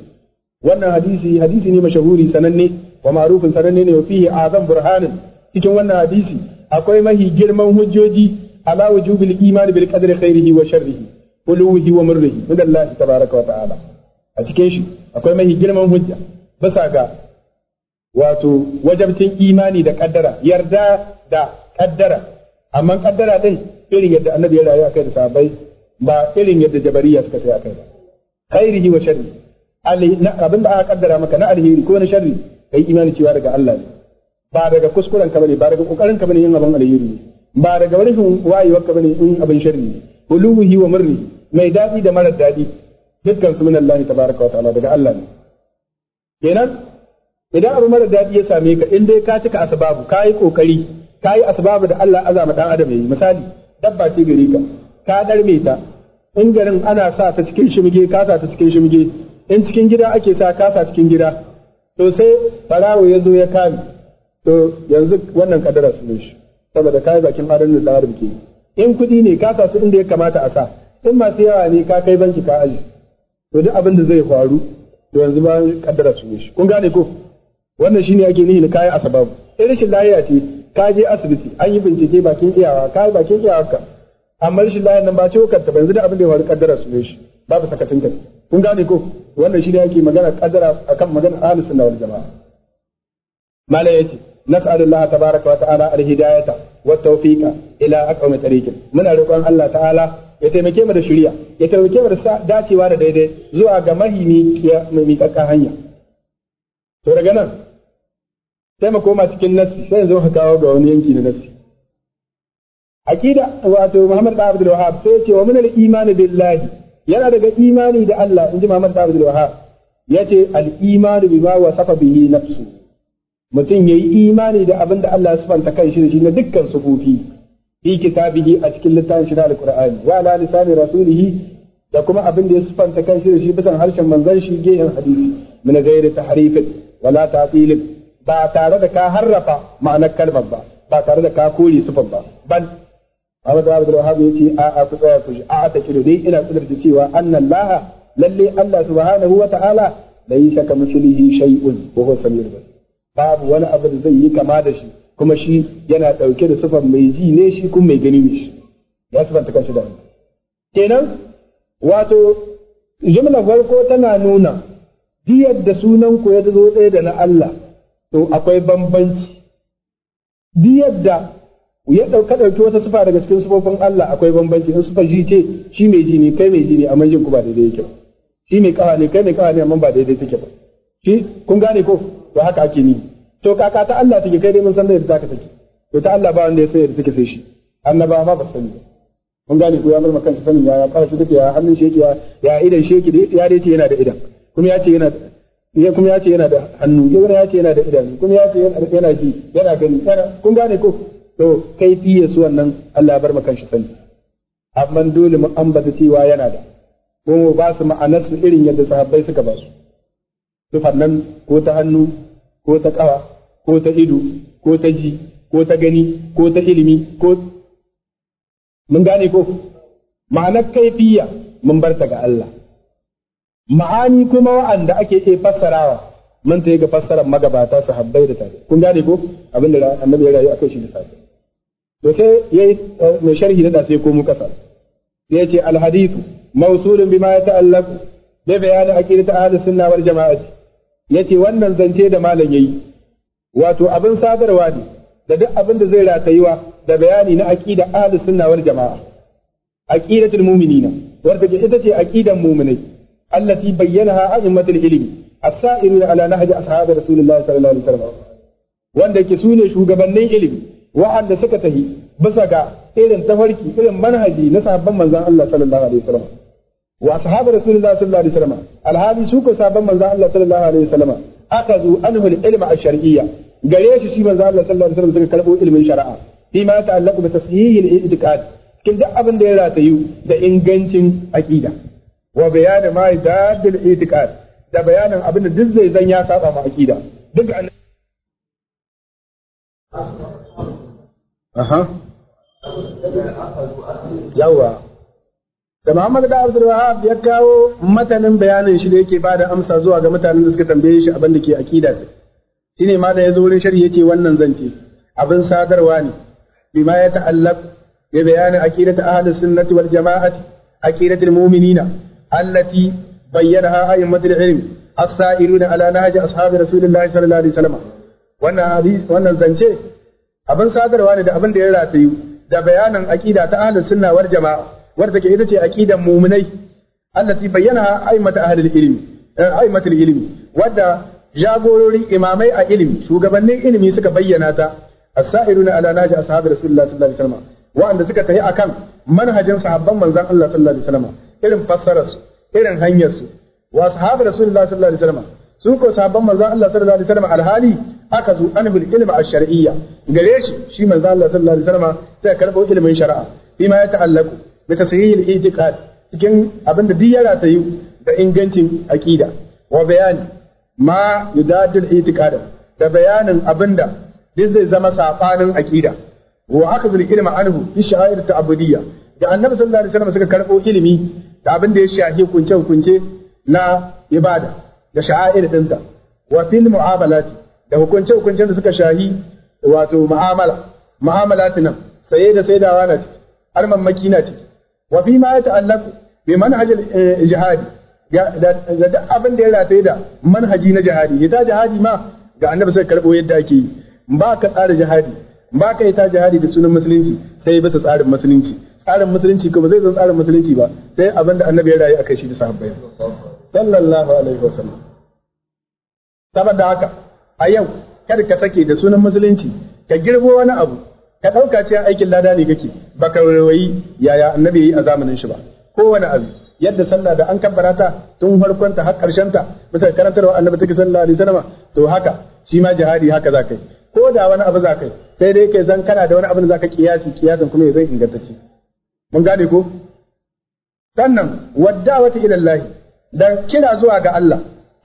wannan hadisi hadisi ne mashahuri sananne wa ma'rufin sananne ne wa fihi azam burhanin cikin wannan hadisi akwai mahi girman hujjoji ala wujubil iman bil qadri khairihi wa sharrihi uluhi wa murrihi min Allah tabaaraka wa ta'ala a cikin akwai mai girman hujja bisa ga wato wajabcin imani da kaddara yarda da kaddara amma kaddara din yadda annabi ya rayu akai da sahabbai ba irin yadda jabariya suka tsaya akai ba khairihi wa sharri abin da aka kaddara maka na alheri ko na sharri kai imani cewa daga Allah ba daga kuskuren ka bane ba daga kokarin ka bane yin abin alheri ne ba daga rashin waka bane in abin sharri uluhi wa murni mai dadi da marar dadi dukkan su min Allah tabaraka wa ta'ala daga Allah ne kenan idan abu marar dadi ya same ka in dai ka cika asbabu ka yi kokari ka yi asbabu da Allah azama dan adam yayi misali dabba ce gare ka ka darme ta in garin ana sa ta cikin shimge ka sa ta cikin shimge in cikin gida ake sa ka sa cikin gida to sai farawo ya zo ya kame to yanzu wannan kadara su ne shi saboda kai bakin adalin da Arab ke in kuɗi ne ka sasu inda ya kamata a sa in masu yawa ne ka kai banki ka aji to duk abin da zai faru to yanzu ba kaddara su shi kun gane ko wannan shine ake nihin kai a sababu. in rashin lafiya ce ka je asibiti an yi bincike bakin iyawa ka bakin iyawa ka amma rashin lafiya nan ba ce wakar ta ba yanzu da abin da ya faru kaddara su shi babu sakacin ta kun gane ko wannan shine ake magana kaddara akan magana ahlus sunna wal jamaa mala yace نسأل الله تبارك وتعالى الهداية والتوفيق إلى أقوم طريق من roƙon Allah ta'ala ya taimake mu da shirya ya taimake mu da dacewa da daidai zuwa ga mahimi mai miƙaƙƙa hanya to daga nan sai mu koma cikin nasi sai zo ka kawo ga wani yanki na nassi aqida wato Muhammad bin Abdul Wahhab sai ya ce wa min imani iman billahi yana daga imani da Allah inji Muhammad bin Abdul Wahhab yace al-iman wa wasafa bihi nafsuhu mutum ya yi imani da abin da Allah ya sufanta kan shi da shi na dukkan sufufi fi kitabihi a cikin littafin shi na alqur'ani wa ala lisani rasulihi da kuma abin da ya sufanta kan shi da shi bisan harshen manzon shi gehen hadisi min ghairi tahrifin wala ta'til ba tare da ka harrafa ma'anar kalmar ba ba tare da ka kore sufan ba ban Ahmad Abdul Wahab ya ce a a ku tsaya ku a ta kiro dai ina kudurta cewa annan laha lalle Allah subhanahu wa ta'ala laysa kamithlihi shay'un wa huwa samiyul basir babu wani abu da zai yi kama da shi kuma shi yana ɗauke da sifar mai ji ne shi kuma mai gani ne shi ya sifanta shi da wani kenan wato jumla farko tana nuna diyar da sunan ku ya zo ɗaya da na Allah to akwai bambanci diyar da ya ɗauka ɗauki wata sifa daga cikin sifofin Allah akwai bambanci in sifar ji ce shi mai ji ne kai mai ji ne amma jin ku ba daidai yake ba shi mai kawa ne kai mai kawa ne amma ba daidai take ba shi kun gane ko to haka ake ni to kaka ta Allah take kai dai mun san da yadda ka take to ta Allah ba wanda ya san yadda take sai shi annaba ma ba sani mun gane ko ya murma kansa sanin ya ya fara shi take ya hannun shi yake ya ya idan shi yake ya dai ce yana da idan kuma ya ce yana ya kuma ya ce yana da hannu ya wani ya ce yana da idanu kuma ya ce yana ji yana gani yana kun gane ko to kai fiye su wannan Allah bar maka shi sani amma dole mu ambata cewa yana da mu ba su ma'anar su irin yadda sahabbai suka ba su tufan nan ko ta hannu ko ta ƙawa ko ta ido ko ta ji ko ta gani ko ta ilimi ko mun gane ko ma'anar kaifiya mun bar ta ga Allah ma'ani kuma wa'anda ake iya fassarawa mun ta ga fassarar magabata su habbai da tafi kun gane ko abin da annabi ya rayu akan shi da tafi to sai yayi eh, mai sharhi da sai ko mu kasa sai ya ce al hadithu mawsulun bima yata'allaqu da bayanin aqidat ahlus sunna wal jama'ati Ya ce wannan zance da malam ya yi wato abin sadarwa ne da duk abin da zai ratayiwa da bayani na aƙida ahlus sunna wal jamaa aqidatul mu'minina wanda ita ce aƙidan mu'minai allati bayyanaha a'immatul ilimi as-sa'iruna ala nahji ashabi rasulullahi sallallahu alaihi wasallam wanda yake sune shugabannin ilimi wa'anda suka tahi bisa ga irin tafarki irin manhaji na sahabban manzon Allah sallallahu alaihi wasallam wa sahaba rasulullahi sallallahu alaihi wasallam alhali su ko sabon manzon Allah sallallahu alaihi wasallam aka zu anhu ilma ash-shar'iyya gare shi shi manzon Allah sallallahu alaihi wasallam suka karbo ilmin shari'a fi ma ta'allaqu bi tashihi al-i'tiqad kin da abin da ya ratayu da ingancin aqida wa bayan ma yadad al-i'tiqad da bayanin abin da duk zai zan ya saba ma da Muhammad da Abdul Wahab ya kawo matanin bayanin shi da yake da amsa zuwa ga mutanen da suka tambaye shi abin da ke aqida shine ma da yazo wurin sharhi yace wannan zance abin sadarwa ne bima ya ta'allaq bi bayani aqidati ahli sunnati wal jama'ati aqidati mu'minina allati bayyanaha ayyamat al-ilm as-sa'iruna ala nahji ashabi rasulillahi sallallahu alaihi wasallam wannan hadisi wannan zance abin sadarwa ne da abin da ya ratayu da bayanin aqida ta ahli sunna wal jama'a wadda take ita ce aqidan mu'minai allati bayyana aimata ahlul ilmi eh, aimatul ilmi wadda jagororin imamai a ilimi shugabannin ilimi suka bayyana ta as-sa'iruna ala naji ashabi rasulullah sallallahu alaihi wasallam wa'anda suka tafi akan manhajin sahabban manzon Allah sallallahu alaihi wasallam irin fassarar su irin hanyar su wa ashabi rasulullah sallallahu alaihi wasallam su ko sahabban manzon Allah sallallahu alaihi wasallam alhali aka zo an bil ilmi ash-shar'iyya gare shi shi manzon Allah sallallahu alaihi wasallam sai karɓo ilmin shari'a bima ya ta'allaku da yin itiqad cikin abin da duk ta yi da ingancin aqida wa bayani ma yudadil itiqad da bayanin abinda duk zai zama safanin aqida wa akhdhul ilma anhu fi sha'air ta'budiyya da annabi sallallahu alaihi wasallam suka karbo ilimi da abin da ya shafi kunce kunce na ibada da sha'air dinta wa fil mu'amalat da hukunce hukuncen da suka shahi wato mu'amala mu'amalat nan saye da saidawa na ciki har mamaki na ciki wa fi ma yata'allaqu bi manhajil jihadi da duk abin da ya rataye da manhaji na jihadi ta jihadi ma ga annabi sai karbo yadda ake yi ba ka tsara jihadi ba ka yi ta jihadi da sunan musulunci sai bisa tsarin musulunci tsarin musulunci kuma zai zan tsarin musulunci ba sai abin da annabi ya rayu akai shi da sahabbai sallallahu alaihi wasallam saboda haka a yau kada ka sake da sunan musulunci ka girbo wani abu ka ɗauka cewa aikin lada ne kake ka rawayi yaya annabi yi a zamanin shi ba kowane abu yadda sallah da an kabbara ta tun farkon ta har karshen ta bisa karantarwa annabi take sallah alaihi sanama, to haka shi ma jihadi haka za ka yi ko da wani abu za ka yi sai dai kai zan kana da wani abu da za ka kiyasi kiyasin kuma zai inganta ingantacce mun gane ko sannan wadda ila Allah dan kira zuwa ga Allah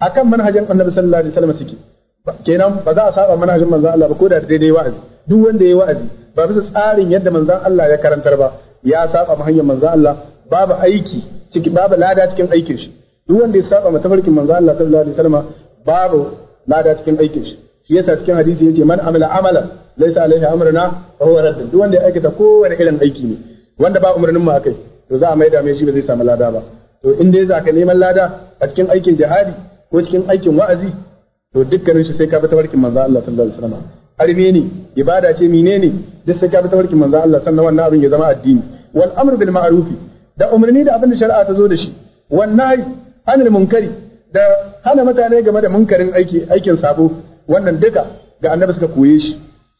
akan manhajin annabi sallallahu alaihi wasallam suke kenan ba za a saba manhajin manzon Allah ba ko da daidai wa'azi duk wanda ya wa'azi ba bisa tsarin yadda manzon Allah ya karantar ba ya saba ma hanyar manzon Allah babu aiki ciki babu lada cikin aikin shi duk wanda ya saba ma tafarkin manzon Allah sallallahu alaihi wasallam babu lada cikin aikin shi shi yasa cikin hadisi yace man amila amalan laysa alaihi amruna fa huwa radd duk wanda ya aikata kowane irin aiki ne wanda ba umarnin mu akai to za a mai da mai shi ba zai samu lada ba to in dai zaka neman lada a cikin aikin jihadi ko cikin aikin wa'azi to dukkanin shi sai ka bi tafarkin manzon Allah sallallahu alaihi wasallam arme ne ibada ce ne duk sai ka bi tafarkin manzo Allah sannan wannan abin ya zama addini wal amru bil ma'rufi da umarni da abin da shari'a ta zo da shi wan nahi anil munkari da hana mutane game da munkarin aiki aikin sabo wannan duka ga annabi suka koye shi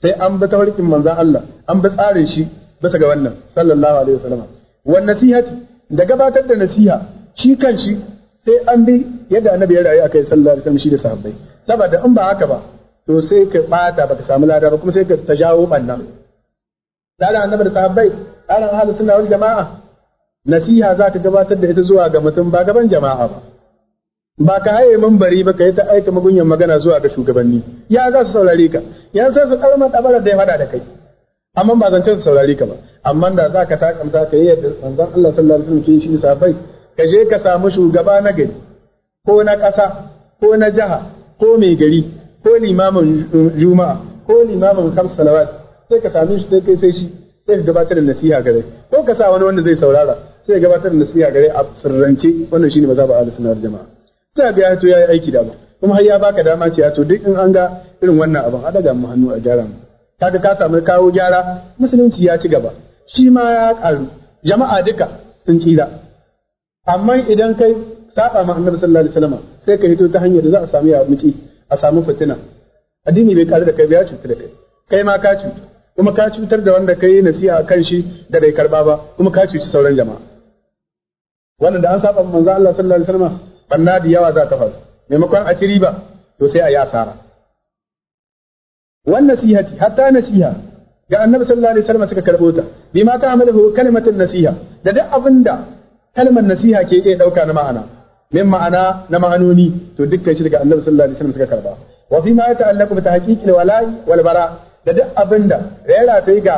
sai an bi tafarkin manzo Allah an bi tsarin shi bisa ga wannan sallallahu alaihi wasallam wan nasihati da gabatar da nasiha shi kan shi sai an bi yadda annabi ya rayu akai sallallahu alaihi wasallam shi da sahabbai saboda in ba haka ba to sai ka bata baka samu lada ba kuma sai ka ta jawo banna ladan annabi da sahabbai ladan ahlus sunna wal jama'a nasiha za ka gabatar da ita zuwa ga mutum ba gaban jama'a ba ba ka haye mambari ba ka yi ta aika magunyan magana zuwa ga shugabanni ya za su saurare ka ya sai su kalma tabara da ya fada da kai amma ba ce su saurare ka ba amma da za ka takamta ka yi yadda manzon Allah sallallahu alaihi wasallam ke shi sahabbai ka je ka samu shugaba na gari ko na ƙasa ko na jiha ko mai gari ko limamin juma'a ko limamin kam salawat sai ka same shi sai kai sai shi sai ka gabatar da nasiha gare ko ka sa wani wanda zai saurara sai ka gabatar da nasiha gare a sirrance wannan shine maza ba ahlus sunna wal jama'a sai ga ya to yayi aiki da ba kuma har ya baka dama ce ya to duk in an ga irin wannan abin a daga mu hannu a gyara mu kaga ka samu kawo gyara musulunci ya ci gaba shi ma ya karu jama'a duka sun tsira amma idan kai saba ma annabi sallallahu alaihi wasallam sai ka hito ta hanyar da za a samu ya muci a samu fitina addini bai kare da kai ya cuta da kai kai ma ka cutu kuma ka cutar da wanda kai nasiha a kan shi da bai karba ba kuma ka cuci sauran jama'a wannan da an saba manzo Allah sallallahu alaihi wasallam banna da yawa za ta faru maimakon a ci riba to sai a yi asara wannan nasihati hatta nasiha ga annabi sallallahu alaihi wasallam suka karbo ta Bi ma ta amalahu kalimatun nasiha da duk abinda kalmar nasiha ke iya dauka na ma'ana min ma'ana na ma'anoni to dukkan shi daga annabi sallallahu alaihi wasallam suka karba wa fi ma yata'allaqu bi tahqiqil wala'i wal bara da duk abinda rera ta ga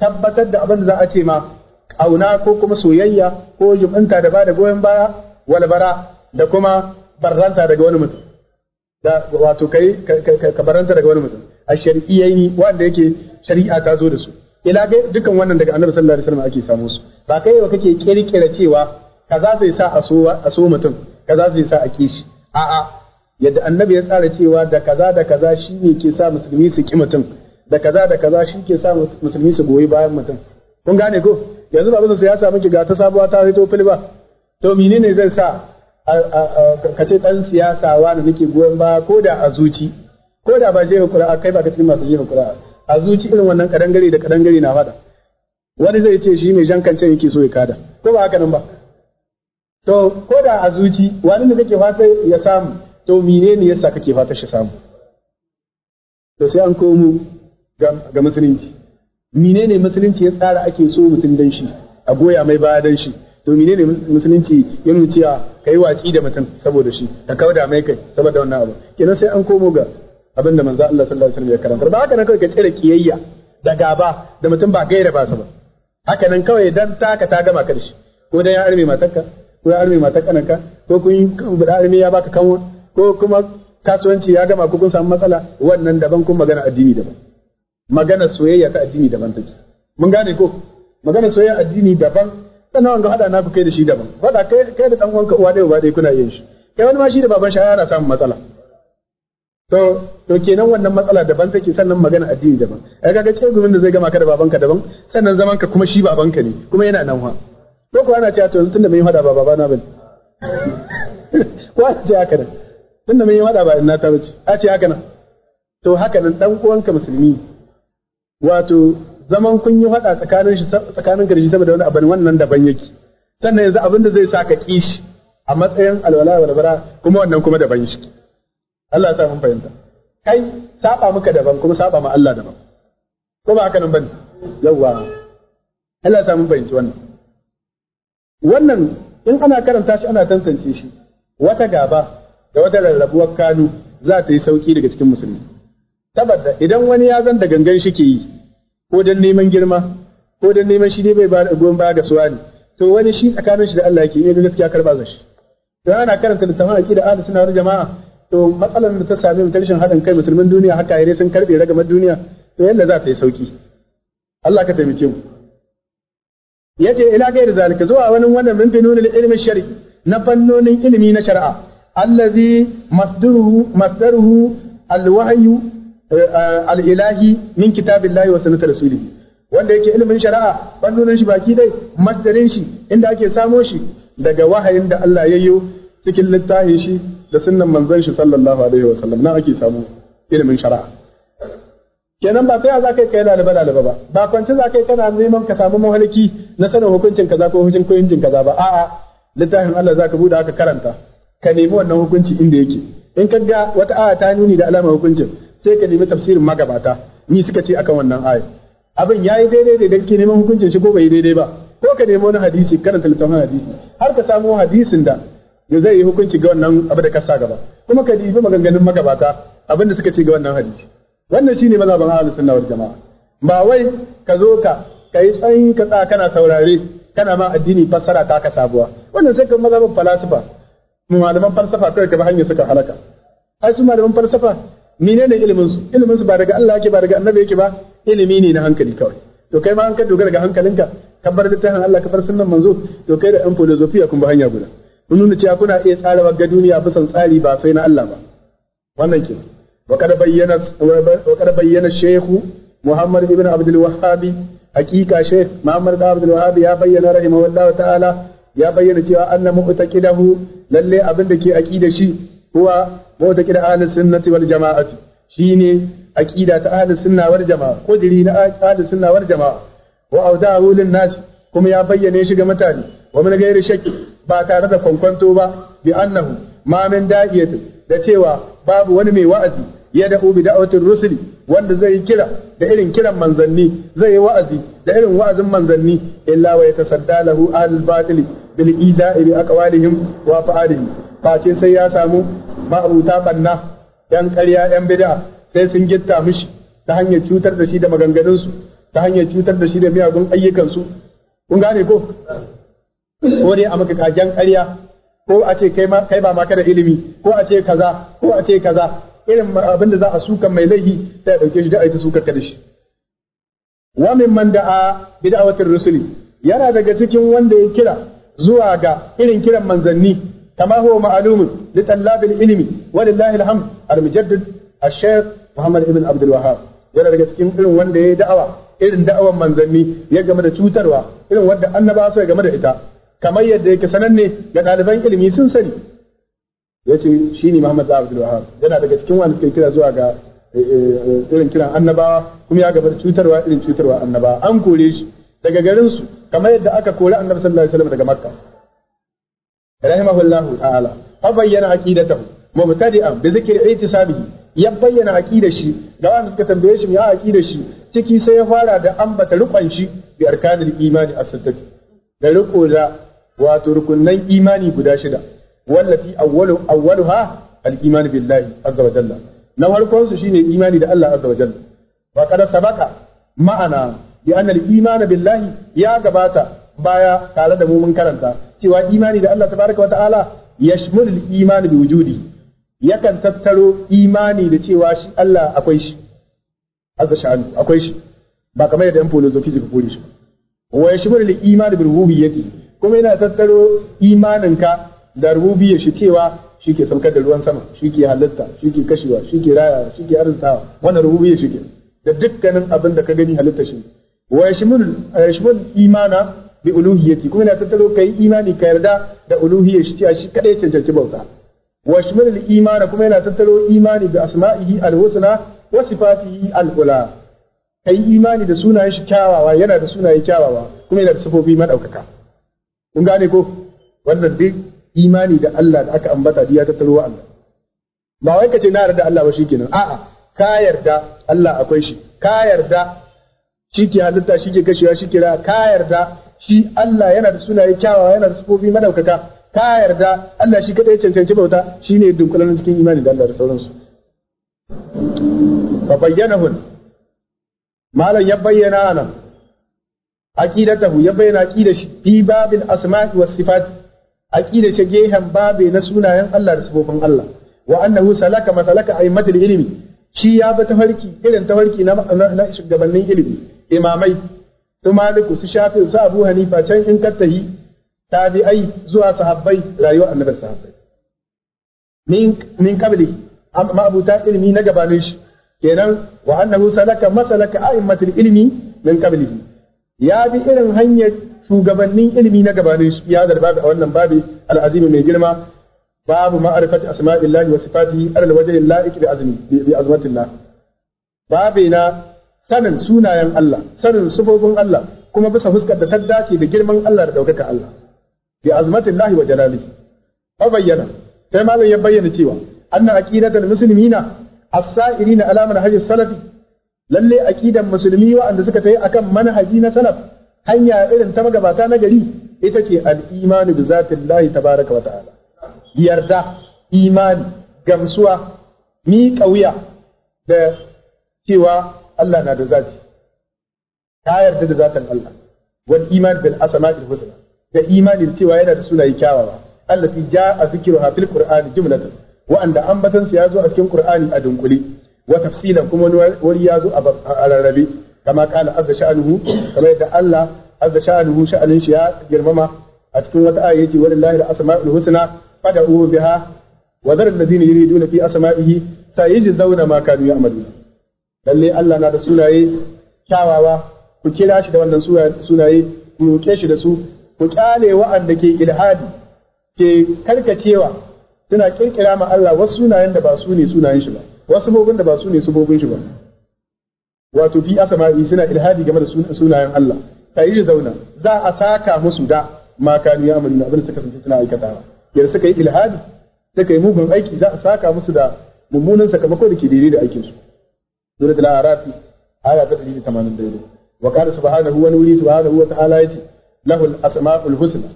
tabbatar da abinda da za a ce ma kauna ko kuma soyayya ko jibinta da bada goyon baya wal bara da kuma barranta daga wani mutum da wato kai ka barranta daga wani mutum a shari'iyayi wanda yake shari'a ta zo da su ila dukkan wannan daga annabi sallallahu alaihi wasallam ake samu su ba kai ba kake kirkira cewa kaza zai sa a so mutum kaza zai sa a kishi a'a yadda annabi ya tsara cewa da kaza da kaza shine ke sa musulmi su ki mutum da kaza da kaza shi ke sa musulmi su goyi bayan mutum kun gane ko yanzu ba bisa ya miki ga ta sabuwa ta rito fil ba to menene zai sa ka ce dan siyasa ne nake goyon ba ko da a zuci ko da ba jefa qur'a kai ba ka cikin masu jefa qur'a a zuci irin wannan kadangare da kadangare na fada wani zai ce shi mai jankance yake so ya kada ko ba haka nan ba to ko da a zuci wani ne kake fata ya samu to mine ne yasa kake fata shi samu to sai an komo ga musulunci Mine ne musulunci ya tsara ake so mutum dan shi a goya mai baya dan shi to ne musulunci ya nuna cewa kai watsi da mutum saboda shi ka kauda mai kai saboda wannan abu kenan sai an komo ga abin da manzo Allah sallallahu alaihi wasallam ya karanta ba haka nan kawai ka cire kiyayya da gaba da mutum ba gaira ba sa ba haka nan kawai dan taka ta gama karshe ko dan ya arme matarka ko ya arme mata kananka ko kun da arme ya baka kanwa ko kuma kasuwanci ya gama ko kun samu matsala wannan daban kun magana addini daban magana soyayya ta addini daban take mun gane ko magana soyayya addini daban sannan wanga hada naku kai da shi daban hada kai kai da dan uwanka uwa dai uba dai kuna yin shi kai wani ma shi da baban shi yana samun matsala to to kenan wannan matsala daban take sannan magana addini daban ai kaga ce gumin da zai gama ka da babanka daban sannan zaman ka kuma shi babanka ne kuma yana nan wa ko ko ana cewa to tunda mun yi hada ba baba na bane ko ana cewa haka nan tunda mun yi hada ba ina ta bace a ce haka nan to haka nan dan uwanka musulmi wato zaman kun yi hada tsakanin shi tsakanin garji saboda wani abin wannan daban yake sannan yanzu abin da zai sa ka kishi a matsayin alwala wal bara kuma wannan kuma daban shi Allah ya sa mun fahimta kai saba muka daban kuma saba ma Allah daban ko ba haka nan bane yawa Allah ya sa mun fahimci wannan wannan in ana karanta shi ana tantance shi wata gaba da wata rarrabuwar kanu za ta yi sauki daga cikin musulmi saboda idan wani ya zan da gangan shi ke yi ko don neman girma ko don neman shi ne bai ba goyon baya ga suwani to wani shi tsakanin shi da Allah yake yin gaskiya karba zan shi to ana karanta littafin aqida ahlus sunna wal jamaa to matsalar da ta sami mutashin haɗin kai musulmin duniya haka yare sun karbe ragamar duniya to yalla za ta yi sauki Allah ka taimake mu yace ila gairi zalika zuwa wani wannan min fununil ilmi shar'i na fannonin ilimi na shari'a allazi masdaruhu masdaruhu alwahyu eh, alilahi min kitabillahi wa sunnati rasuli. wanda yake ilimin shari'a fannonin shi baki dai masdarin shi inda ake samo shi daga wahayin da Allah ya yo, cikin littafin shi da sunnan manzon shi sallallahu alaihi wa sallam na ake samu ilimin shari'a kenan ba sai za ka kai lalaba lalaba ba ba kwanci za ka yi kana neman ka samu mahalaki na sanin hukuncin kaza ko hukuncin ko injin kaza ba a'a littafin Allah za ka bude haka karanta ka nemi wannan hukunci inda yake in ka ga wata aya ta nuni da alamar hukuncin sai ka nemi tafsirin magabata ni suka ce akan wannan aya abin yayi daidai da ke neman hukuncin shi ko bai daidai ba ko ka nemi wani hadisi karanta littafin hadisi har ka samu hadisin da zai yi hukunci ga wannan abu da ka sa gaba kuma ka nemi maganganun magabata abin da suka ce ga wannan hadisi wannan shine mazhaban ahlus sunna wal jamaa ba wai ka zo ka kai tsayin ka tsaya kana saurare kana ma addini fassara ta ka sabuwa wannan sai ka mazhaban falasifa mu malaman falsafa kai ka ba hanyar suka halaka ai su malaman falsafa menene ilimin su ilimin su ba daga Allah yake ba daga annabi yake ba ilimi ne na hankali kawai to kai ma an ka dogara ga hankalinka ka bar littafin Allah ka bar sunnan manzo to kai da ɗan filosofiya kun ba hanya guda mun nuna cewa kuna iya tsara ga duniya bisan tsari ba sai na Allah ba wannan kenan وقد بين وقد بين الشيخ محمد بن عبد الوهاب حقيقة شيخ محمد بن عبد الوهاب يا بين رحمه الله تعالى يا بين cewa أن مؤتكده للي أبن دكي أكيد شيء هو مؤتكد أهل السنة والجماعة شيني أكيدة أهل السنة والجماعة قدرين أهل السنة والجماعة وأوداه للناس kuma ya bayyane shi ga mutane wa min gairi shakki ba tare da kwankwanto ba bi annahu ma min da'iyatin da cewa babu wani mai wa'azi ya dahu bi da'watir rusuli wanda zai kira da irin kiran manzanni zai yi wa'azi da irin wa'azin manzanni illa wa tasadda lahu al batil bil ida'i bi aqwalihim wa fa'alihim face sai ya samu ma'abuta banna yan ƙarya yan bid'a sai sun gitta mishi ta hanyar cutar da shi da maganganunsu ta hanyar cutar da shi da miyagun ayyukansu kun gane ko ko dai a maka kagen ƙarya ko a ce kai ba maka da ilimi ko a ce kaza ko a ce kaza irin abin da za a suka mai laifi sai a dauke shi da a ta ka da shi wa mimman da'a bid'awatir rusuli yana daga cikin wanda ya kira zuwa ga irin kiran manzanni kama huwa ma'lumun li talabil ilmi walillahi alhamd al-mujaddid al-shaykh Muhammad ibn Abdul Wahhab yana daga cikin irin wanda ya yi da'awa irin da'awan manzanni ya game da cutarwa irin wanda annaba su ya game da ita kamar yadda yake sananne ga ɗaliban ilimi sun sani ya ce shi ne Muhammad da Abdul Wahab yana daga cikin wani suke kira zuwa ga eh, eh, eh, irin kiran annabawa kuma ya gaba cutarwa irin cutarwa annabawa an kore shi daga garin su kamar yadda aka kore annabi sallallahu alaihi wasallam daga Makka rahimahullahu ta'ala fa bayyana aqidatahu mubtadi'an bi zikri ihtisabihi ya bayyana aqidar shi ga wanda suka tambaye shi ya aqidar shi ciki sai ya fara da ambata rukun shi bi arkanul imani as-sittah da riko da wato rukunan imani guda shida wallafi awwalu awwaluha al-iman billahi azza wa jalla na farkon su shine imani da Allah azza wa jalla wa qad sabaka ma'ana bi anna al-iman billahi ya gabata baya tare da mu mun karanta cewa imani da Allah tabaraka wa ta'ala yashmul al-iman bi wujudi yakan tattaro imani da cewa shi Allah akwai shi azza sha'anu akwai shi ba kamar yadda yan philosophy suka kore shi wa yashmul al-iman bi rububiyyati kuma yana tattaro imaninka da rububiyar shi cewa shi ke saukar da ruwan sama shi ke halitta shi ke kashewa shi ke rayawa shi ke arzikawa wannan rububiyar shi ke da dukkanin abin da ka gani halitta shi wa yashmul imana bi uluhiyyati kuma yana tattaro kai imani ka yarda da uluhiyyar shi cewa shi kadai cancanci bauta wa yashmul imana kuma yana tattaro imani da asma'ihi alhusna wa sifatihi alula kai imani da sunayen shi kyawawa yana da sunaye kyawawa kuma yana da sifofi madaukaka kun gane ko wannan duk imani da Allah da aka ambata ya tattaro Allah ba wai kace na yarda Allah ba shikenan a'a ka yarda Allah akwai shi ka yarda shi ke halitta shi ke kashewa shi kira ka yarda shi Allah yana da sunaye kyawawa yana da sufofi madaukaka ka yarda Allah shi kadai cancanci bauta shine dunkulan cikin imani da Allah da sauransu fa bayyanahun malam ya bayyana nan aqidatahu ya bayyana aqidar shi fi babil asma'i was sifat aqidar shi gehen babe na sunayen Allah da sifofin Allah wa annahu salaka masalaka aimatul ilmi shi ya bi tafarki irin tafarki na na shugabannin ilimi imamai su maliku su shafi su abu hanifa can in kattahi tabi'ai zuwa sahabbai rayuwar annabi sahabbai min min qabli amma abuta ilimi na gabanin shi kenan wa annahu salaka masalaka aimatul ilmi min qablihi ya bi irin hanyar shugabannin ilimi na gabanin su. ya zarba a wannan babi al'azimi mai girma babu ma'arifati asma'illahi wa sifatihi alal wajhi la'iq bi azmi bi azmatillah babe na sanin sunayen Allah sanin sifofin Allah kuma bisa fuskar da ta dace da girman Allah da daukaka Allah bi azmatillahi wa jalalihi fa bayyana sai malam ya bayyana cewa anna aqidatul muslimina as-sa'irina ala manhajis salafi lalle aqidan musulmi wa'anda suka tayi akan manhaji na salaf hanya irin ta magabata na gari ita ce al-imanu bi zatillahi tabaraka wa ta'ala yarda imani gamsuwa ni kauya da cewa Allah na da zati ta yarda da zatin Allah wal iman bil asma'il husna da imanin cewa yana da sunaye kyawawa allati ja'a zikruha fil qur'ani jumlatan wa'anda ambatan su yazo a cikin qur'ani a dunkule wa tafsilan kuma wani ya zo a rarrabe kama kala azza Allah azza sha'anuhu sha'anin ya girmama a cikin wata aya yace walillahi al-asma'ul husna fad'uhu biha wa dhar alladhina yuriduna fi asma'ihi sayajzawna ma kanu ya'maluna lalle Allah na da sunaye kyawawa ku kira shi da wannan sunaye ku roke shi da su ku kyale wa'anda ke ilhadi ke karkacewa suna kirkira ma Allah wasu sunayen da ba su ne sunayen shi ba wasu sufofin da ba su ne sufofin shi ba wato fi asma'i suna ilhadi game da sunayen Allah ta yi zauna za a saka musu da ma kanu ya amurna abin da suka kasance suna aikatawa yadda suka yi ilhadi suka yi mugun aiki za a saka musu da mummunan sakamako da ke daidai da aikin su suratul al-a'raf aya ta 182 wa qala subhanahu wa nuri subhanahu wa ta'ala yace lahu al-asma'ul husna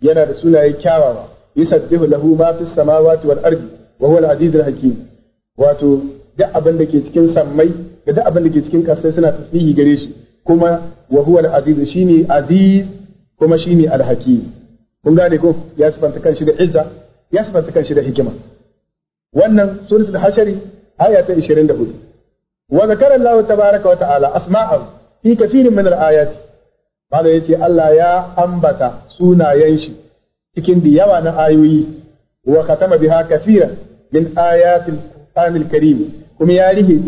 yana da sunaye kyawawa yusabbihu lahu ma fis samawati wal ardi wa huwa al-azizul hakim wato duk abin da ke cikin sammai da duk abin da ke cikin kasai suna tasbihi gare shi kuma wa huwa al-aziz shine aziz kuma shine al-hakim kun gane ko ya sifanta kanshi da izza ya sifanta kanshi da hikima wannan suratul hashari aya ta 24 wa zakara Allah tabaaraka wa ta'ala asma'ahu fi kathirin min al-ayati bala yace Allah ya ambata sunayen shi cikin da yawa na ayoyi wa katama biha kathiran min ayatil alqur'anil karim kuma ya rihe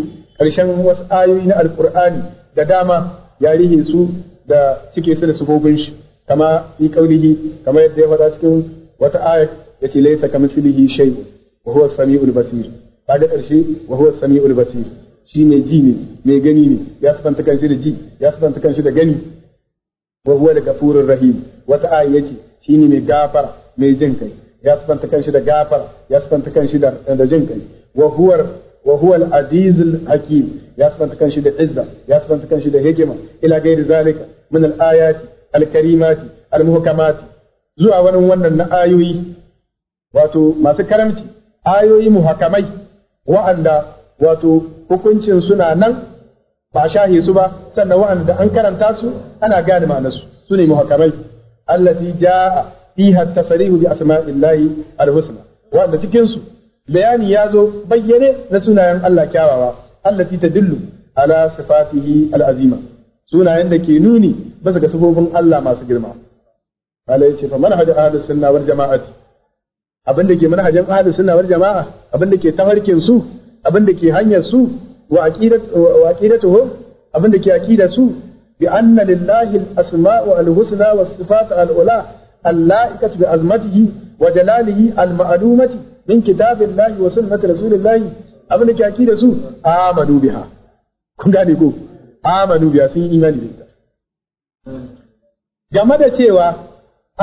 wasu ayoyi na alqur'ani da dama ya rihe su da cike su da sufofin shi kama fi qaulihi kama yadda ya faɗa cikin wata aya yace laysa kamithlihi shay'un wa huwa samiul basir kaga karshe wa huwa samiul basir shi mai ji ne mai gani ne ya sufanta kanshi da ji ya sufanta kanshi da gani wa huwa da rahim wata aya yace shi ne mai gafara mai jin kai ya sufanta kanshi da gafara ya sufanta kanshi da jin kai Wahuwar huwa wa huwa al-aziz al-hakim ya sifanta kanshi da izza ya sifanta kanshi da hikima ila gairi zalika min al-ayati al-karimati al-muhkamati zuwa wani wannan na ayoyi wato masu karamci ayoyi muhakamai wa'anda wato hukuncin suna nan ba shahi su ba sannan wa'anda an karanta su ana gane ma'anarsu su ne muhakamai allati ja'a fiha asma'illahi al-husna wa'anda cikinsu. bayani ya zo bayyane na sunayen Allah kyawawa allati tadullu ala sifatihi al'azima sunayen da ke nuni bisa ga sifofin Allah masu girma Allah ya ce fa manhajul ahlus sunna wal jama'ati abin da ke manhajin ahlus sunna wal jama'a abin da ke tafarkin su abin da ke hanyar su wa aqidat wa aqidatuhum abin da ke aqida su bi anna lillahi al-asma' wal husna was sifat al-ula al-la'iqatu bi azmatihi wa jalalihi al-ma'lumati min kitabillahi wa sunnati rasulillahi abin da ke da su amanu biha kun gane ko amanu biha sun imani da ita game da cewa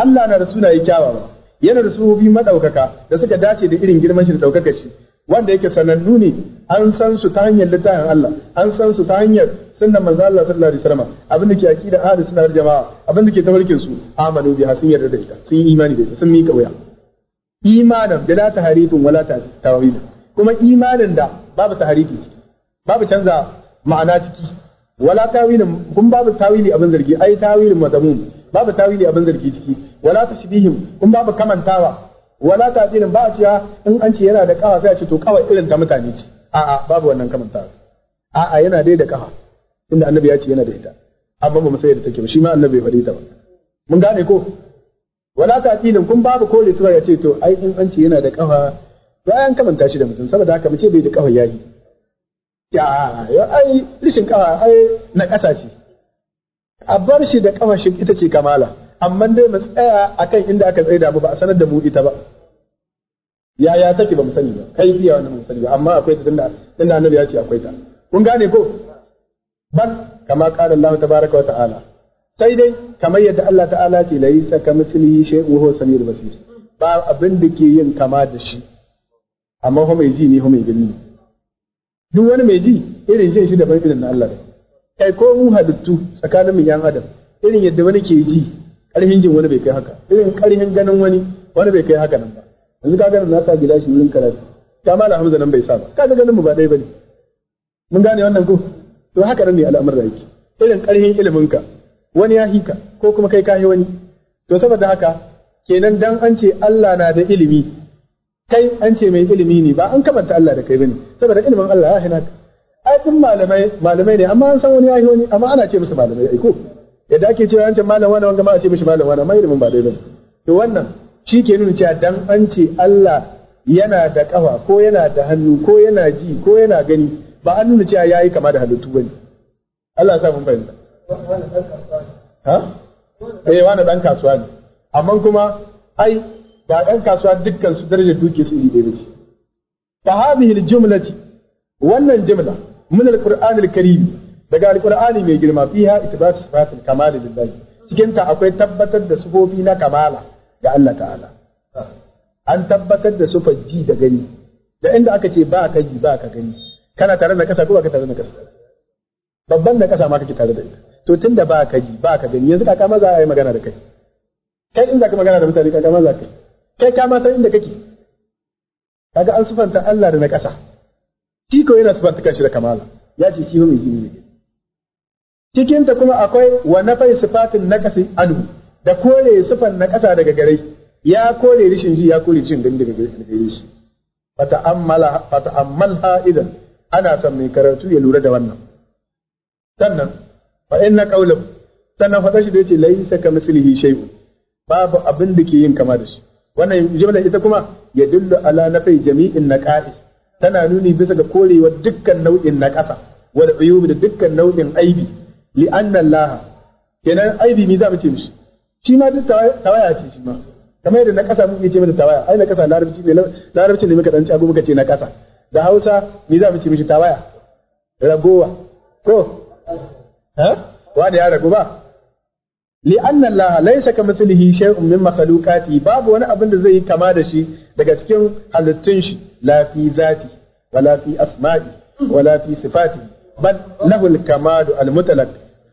Allah na da sunaye kyawawa yana da maɗaukaka da suka dace da irin girman shi da daukakar shi wanda yake sanannu ne an san su ta hanyar littafin Allah an san su ta hanyar sunnan manzo Allah sallallahu alaihi wasallam abin da ke akida ahli sunnar jama'a abin da ke sun yi imani ita sun imanan bila taharifin wala tawilin kuma imanin da babu taharifi babu canza ma'ana ciki wala tawilin kun babu tawili abin zargi ai tawilin madamum babu tawili abin zargi ciki wala tashbihim kun babu kamantawa wala tasirin ba a cewa in an ce yana da kafa sai a ce to kawai irin ta mutane ce a'a babu wannan kamantawa a'a yana dai da kafa inda annabi ya ce yana da ita amma ba mu sai da take ba shi ma annabi bai fadi ta ba mun gane ko wala ta ta'tilin kun babu kore suwa ya ce to ai tsantsanci yana da kafa to an kamanta shi da mutum saboda haka mace bai da kafa yayi ya ya ai rishin kafa ai na kasa ce a bar shi da kafa shi ita ce kamala amma dai mu tsaya akan inda aka tsaida mu ba a sanar da mu ita ba yaya take ba mu sani ba kai biya wannan mu sani ba amma akwai ta tunda tunda annabi ya ce akwai ta kun gane ko bal kama qala Allah tabaaraka wa ta'ala sai dai kamar yadda Allah ta'ala ce la yisa ka shi shay'un huwa samir basir ba abin da ke yin kama da shi amma hu mai ji ne hu mai gani duk wani mai ji irin jin shi da irin na Allah kai ko mu halittu tsakanin mu yan adam irin yadda wani ke ji karhin jin wani bai kai haka irin karhin ganin wani wani bai kai haka nan ba yanzu kaga na sa shi wurin karatu kama da Hamza nan bai sa ba kaga ganin mu ba dai bane mun gane wannan ko to haka nan ne al'amuran yake irin karhin ilimin ka wani ya hika ko kuma kai kahi wani to saboda haka kenan dan an ce Allah na da ilimi kai an ce mai ilimi ne ba an kamanta Allah da kai bane saboda ilimin Allah ya hinaka ai din malamai malamai ne amma an san wani ya wani amma ana ce musu malamai aiko. yadda ake cewa an ce malam wani wanda ma a ce mishi malam wani amma ilimin ba daidai to wannan shi ke nuna cewa dan an ce Allah yana da ƙafa ko yana da hannu ko yana ji ko yana gani ba an nuna cewa ya yi kama da halittu ba ne. Allah ya sa mun fahimta ha eh wani dan kasuwa ne amma kuma ai ba dan kasuwa dukkan su darajar duke su iri ɗaya ce fa hadhihi aljumlati wannan jumla min alqur'an alkarim daga alqur'ani mai girma fiha itbat sifat alkamal lillahi cikin ta akwai tabbatar da sifofi na kamala ga Allah ta'ala an tabbatar da su ji da gani da inda aka ce ba ka ji ba ka gani kana tare da kasa ko ba ka tare da kasa babban da kasa ma kake tare da ita to tun ba ka ji ba ka gani yanzu kaka maza a yi magana da kai kai in za ka magana da mutane kaka maza kai kai ka san inda kake kaga an sufanta Allah da na ƙasa shi ko yana sufanta kanshi da kamala ya ce shi mai gini ne cikin ta kuma akwai wa na fai sufatin na ƙasa anu da kore sufan na ƙasa daga gare ya kore rishin ji ya kore cin gani daga gare shi fata'ammala fata'ammalha idan ana son mai karatu ya lura da wannan sannan fa inna qawluhu sannan fa shi da yace laysa mislihi shay'u babu abin da ke yin kama da shi wannan jumla ita kuma ya ala nafai jami'in naqa'i tana nuni bisa ga korewa dukkan nau'in naqasa wal uyub da dukkan nau'in aibi li anna Allah kenan aibi mi za mu ce mishi shi ma duk tawaya ce shi ma kamar yadda naqasa muke ce mata tawaya ai naqasa larabci ne larabci ne muka dan ci muka ce naqasa da Hausa mi za mu ce mishi tawaya ragowa ko da ya ragu ba li'an Allah laysa kamithlihi shay'un min makhluqati babu wani abin da zai yi kama da shi daga cikin halittun shi la fi zati wala fi asma'i wala fi sifati bal lahu al-kamalu al-mutlaq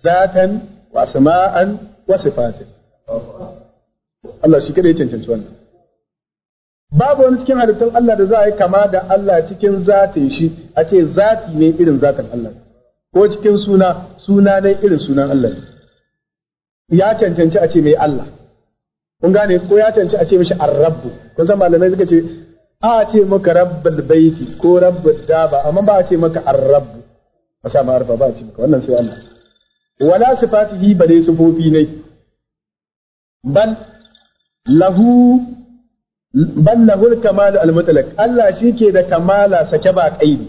zatan wa asma'an wa sifatan. Allah shi kada ya cancanci wannan babu wani cikin halittun Allah da za a yi kama da Allah cikin zatin shi a ce zati ne irin zatin Allah ko cikin suna suna ne irin sunan Allah ne ya cancanci a ce mai Allah kun gane ko ya cancanci a ce mishi ar-rabbu kun san malamai suka ce a ce maka rabbul baiti ko rabbud daba amma ba a ce maka ar-rabbu a sa ma'arfa ba a ce maka wannan sai Allah wala sifatihi bare sufofi ne bal lahu bal al kamalu al-mutlaq Allah shi ke da kamala sake ba kaidi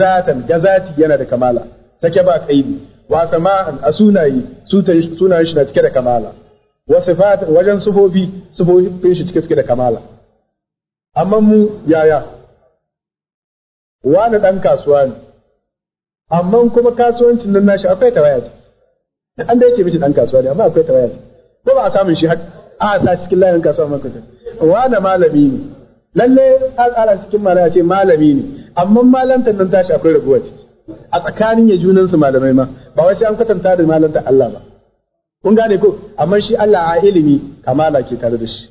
zatan gazati yana da kamala take ba kaidi wa sama'an a sunaye sunayen shi na cike da kamala wa sifat wajen sufofi sufofin shi cike da kamala amma mu yaya wani dan kasuwa ne amma kuma kasuwancin nan nashi akwai tawaya ce an da yake mishi dan kasuwa ne amma akwai tawaya ko ba a samun shi a sa cikin layin kasuwa mai kusa wani malami ne lalle an tsara cikin malaya ce malami ne amma malamtan nan tashi akwai raguwa ce a tsakanin ya junan su malamai ma ba wai sai an kwatanta da malar da Allah ba kun gane ko amma shi Allah a ilimi kamala ke tare da shi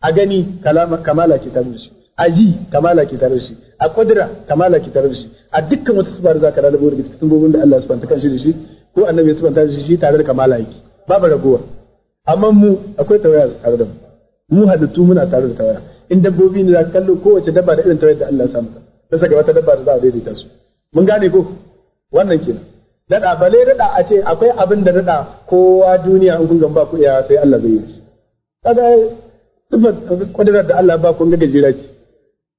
a gani kamala ke tare da shi a ji kamala ke tare da shi a kudura kamala ke tare da shi a dukkan wasu subar za ka da daga cikin gogon da Allah subhanahu kan shi da shi ko annabi ya subhanahu da shi tare da kamala yake babu ragowa amma mu akwai tawaya tare da mu mu halittu muna tare da tawaya in dabbobi ne za ka kallo kowace dabba da irin tawayar da Allah ya samu ta saka wata dabba da za a daidaita su mun gane ko wannan kenan daɗa bale daɗa a ce akwai abin da daɗa kowa duniya in kun gamba ku iya sai Allah zai yi kaga sifar kudurar da Allah ba kun ga gajera ce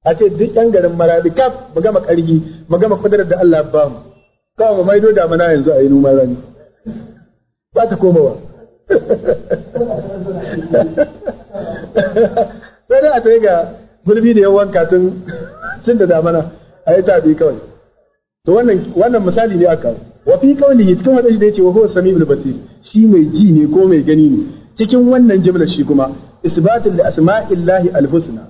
a ce duk yan garin maradi kaf mu gama kargi mu gama kudurar da Allah ba mu kawai mu maido da mana yanzu a yi noma rani ba ta komawa sai dai a tsaye ga gulbi da yawan katun tun da damana a yi tafi kawai to wannan wannan misali ne aka wa fi ne cikin hadisi da yace wa huwa samiul basir shi mai ji ne ko mai gani ne cikin wannan jimlar shi kuma isbatul li asma'illahi alhusna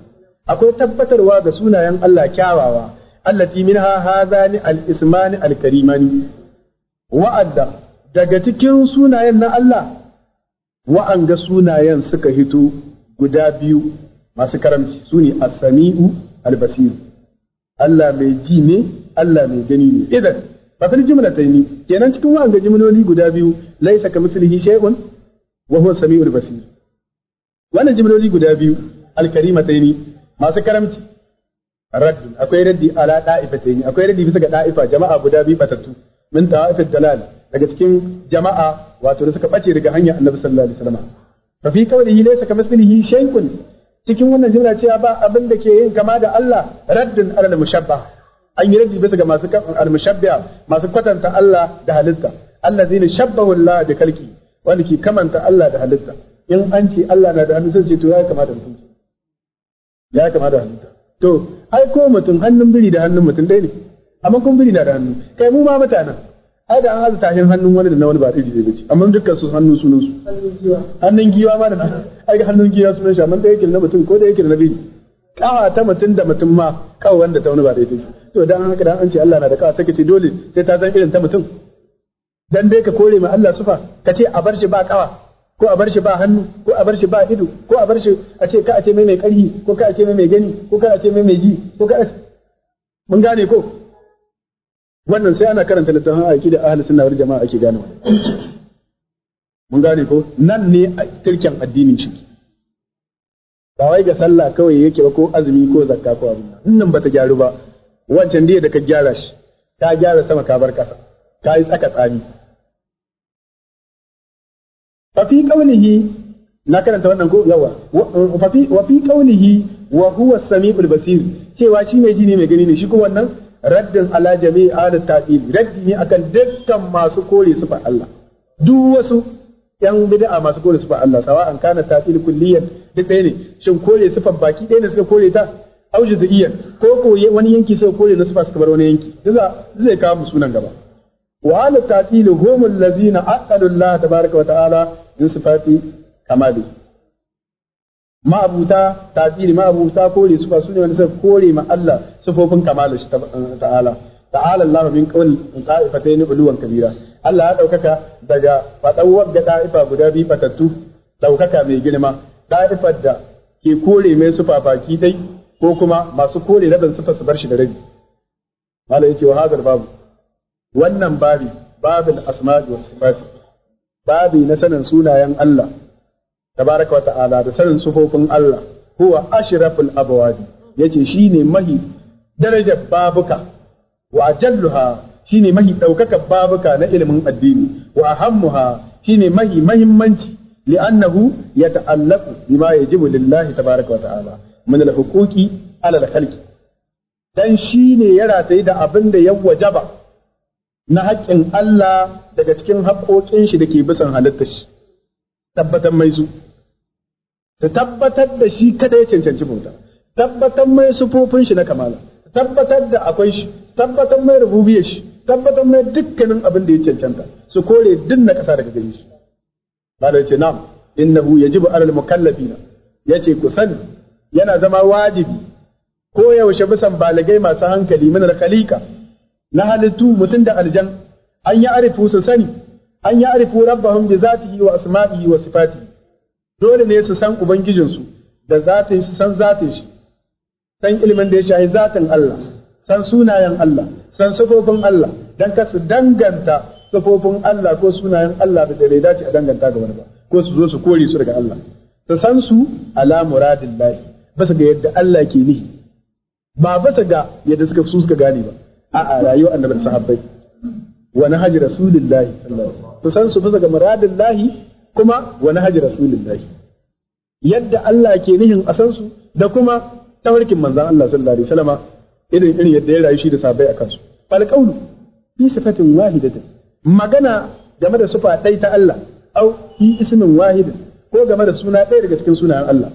akwai tabbatarwa ga sunayen Allah kyawawa allati minha hadhani al-ismani al-karimani wa'adda daga cikin sunayen na Allah wa'anga sunayen suka hito guda biyu masu karamci su ne as-sami'u al-basir Allah mai ji ne Allah mai gani ne idan fasal ni kenan cikin wa'anga jumloli guda biyu laisa kamithlihi shay'un wa huwa samiul basir wannan jumloli guda biyu ni masu karamci raddun akwai raddi ala ni. akwai raddi bisa ga da'ifa jama'a guda biyu batattu min ta'ifatul dalal daga cikin jama'a wato da suka bace daga hanyar annabi sallallahu alaihi wasallam fa fi qawlihi laysa kamithlihi shay'un cikin wannan jumla cewa ba abin da ke yin kama da Allah raddun alal mushabbah an yi raddi bisa ga masu al-mushabbiha masu kwatanta Allah da halitta ne shabbahu Allah da kalki wanda ke kamanta Allah da halitta in an ce Allah na da hannu sai to ya kamata mutum ya kamata halitta to ai ko mutum hannun biri da hannun mutum dai ne amma kun biri na da hannu kai mu ma mutanen ai da an haza tashin hannun wani da na wani ba zai ne bace amma dukkan su hannun sunan su hannun giwa ma da ai hannun giwa sunan shi amma da yake na mutum ko da yake na biri kawa ta mutum da mutum ma kawa wanda ta wani ba daidai to dan haka dan an ce Allah na da kawa take ce dole sai ta san irin ta mutum dan dai ka kore ma Allah sufa ka ce a bar shi ba kawa ko a bar shi ba hannu ko a bar shi ba ido ko a bar shi a ce ka a ce mai mai karhi ko ka a ce mai mai gani ko ka a ce mai mai ji ko ka mun gane ko wannan sai ana karanta littafin aiki da ahli sunna wal jama'a ake gane mun gane ko nan ne tirkin addinin shi ba wai ga sallah kawai yake ba ko azumi ko zakka ko abin nan bata gyaru ba wancan dai da ka gyara shi ka gyara sama ka bar kasa ka yi tsaka tsami fa fi qawlihi na karanta wannan ko yawa fa fi wa fi qawlihi wa huwa samiul basir cewa shi mai ji mai gani ne shi kuma wannan raddin ala jami'a da ta'il raddi ne akan dukkan masu kore su fa Allah duk wasu yan bid'a masu kore sifar Allah sawa an kana ta'til kulliyan duk ɗaya ne shin kore sifar baki ɗaya ne suka kore ta da iya ko ko wani yanki sai kore na sifar suka bar wani yanki duka zai kawo musu sunan gaba wa ala ta'til hum allazina aqalu Allah tabaaraka wa ta'ala bi sifati kamali ma'abuta ta'til ma'abuta kore sifa sune wanda sai kore ma Allah sifofin kamala shi eh, ta'ala ta'ala Allah min qawl qa'ifatayn uluwan kabira Allah ya ɗaukaka daga faɗauwar ga ɗa'ifa guda biyu fatattu ɗaukaka mai girma ɗa'ifar da ke kore mai su fafaki dai ko kuma masu kore rabin sufa su bar shi da rabi malam yake wa hazar babu wannan babi babin asma'i was sifati babi na sanin sunayen Allah tabaraka wa ta'ala da sanin sufofin Allah huwa ashraful abwadi yace shine mahi darajar babuka wa jalluha. shine mahi daukaka babuka na ilimin addini wa ahammuha shine mahi muhimmanci li'annahu yata'allaqu bima yajibu lillahi tabaaraka wa ta'ala min al-huquqi ala al-khalqi dan shine ya rataye da abin da ya wajaba na haƙƙin Allah daga cikin haƙoƙin shi dake bisan halittar shi tabbatar mai su ta tabbatar da shi kada ya cancanci bauta tabbatar mai sufofin shi na kamala tabbatar da akwai shi tabbatar mai rububiyar shi tabbatar mai dukkanin abin da ya cancanta su kore duk na ƙasa daga gare shi malai ce na'am innahu yajibu alal Ya ce ku sani yana zama wajibi ko yaushe bisan balagai masu hankali min khalika na halittu mutum da aljan an ya arifu su sani an ya arifu rabbahum bi zatihi wa asma'ihi wa sifatihi dole ne su san ubangijinsu da zatin su san zatin shi san ilimin da ya shahi zatin Allah san sunayen Allah san sufofin Allah dan ka su danganta sufofin Allah ko sunayen Allah da bai dace a danganta ga wani ba ko su zo su kore su daga Allah su san su ala muradillahi basa ga yadda Allah ke nihi ba basa ga yadda suka su suka gane ba a'a rayuwar annabi da sahabbai wa nahji rasulillahi su san su basa ga lahi kuma wa nahji rasulillahi yadda Allah ke nihin a san su da kuma tawarkin manzon Allah sallallahu alaihi wasallama irin irin yadda ya rayu shi da sahabbai a kansu falqaulu fi sifatin wahidatin magana game da sufa ɗai ta Allah au fi ismin wahidin ko game da suna ɗaya daga cikin sunayen Allah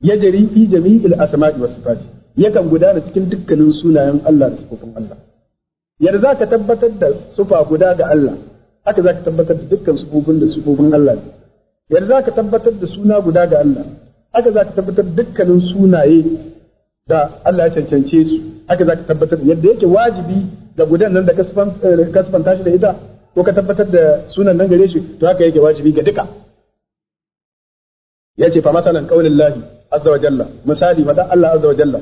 ya jari fi jami'il asma'i was sifati yakan gudana cikin dukkanin sunayen Allah da sifofin Allah yadda za ka tabbatar da sufa guda ga Allah haka za ka tabbatar da dukkan sufofin da sufofin Allah ne yadda za ka tabbatar da suna guda ga Allah haka za ka tabbatar dukkanin sunaye da Allah ya cancance su haka za ka tabbatar yadda yake wajibi da gudan nan da eh, kasfan tashi da ita ko ka tabbatar da sunan nan gare shi to haka yake wajibi ga duka yace fa masalan qaulin lahi azza wa jalla misali madan Allah azza wa jalla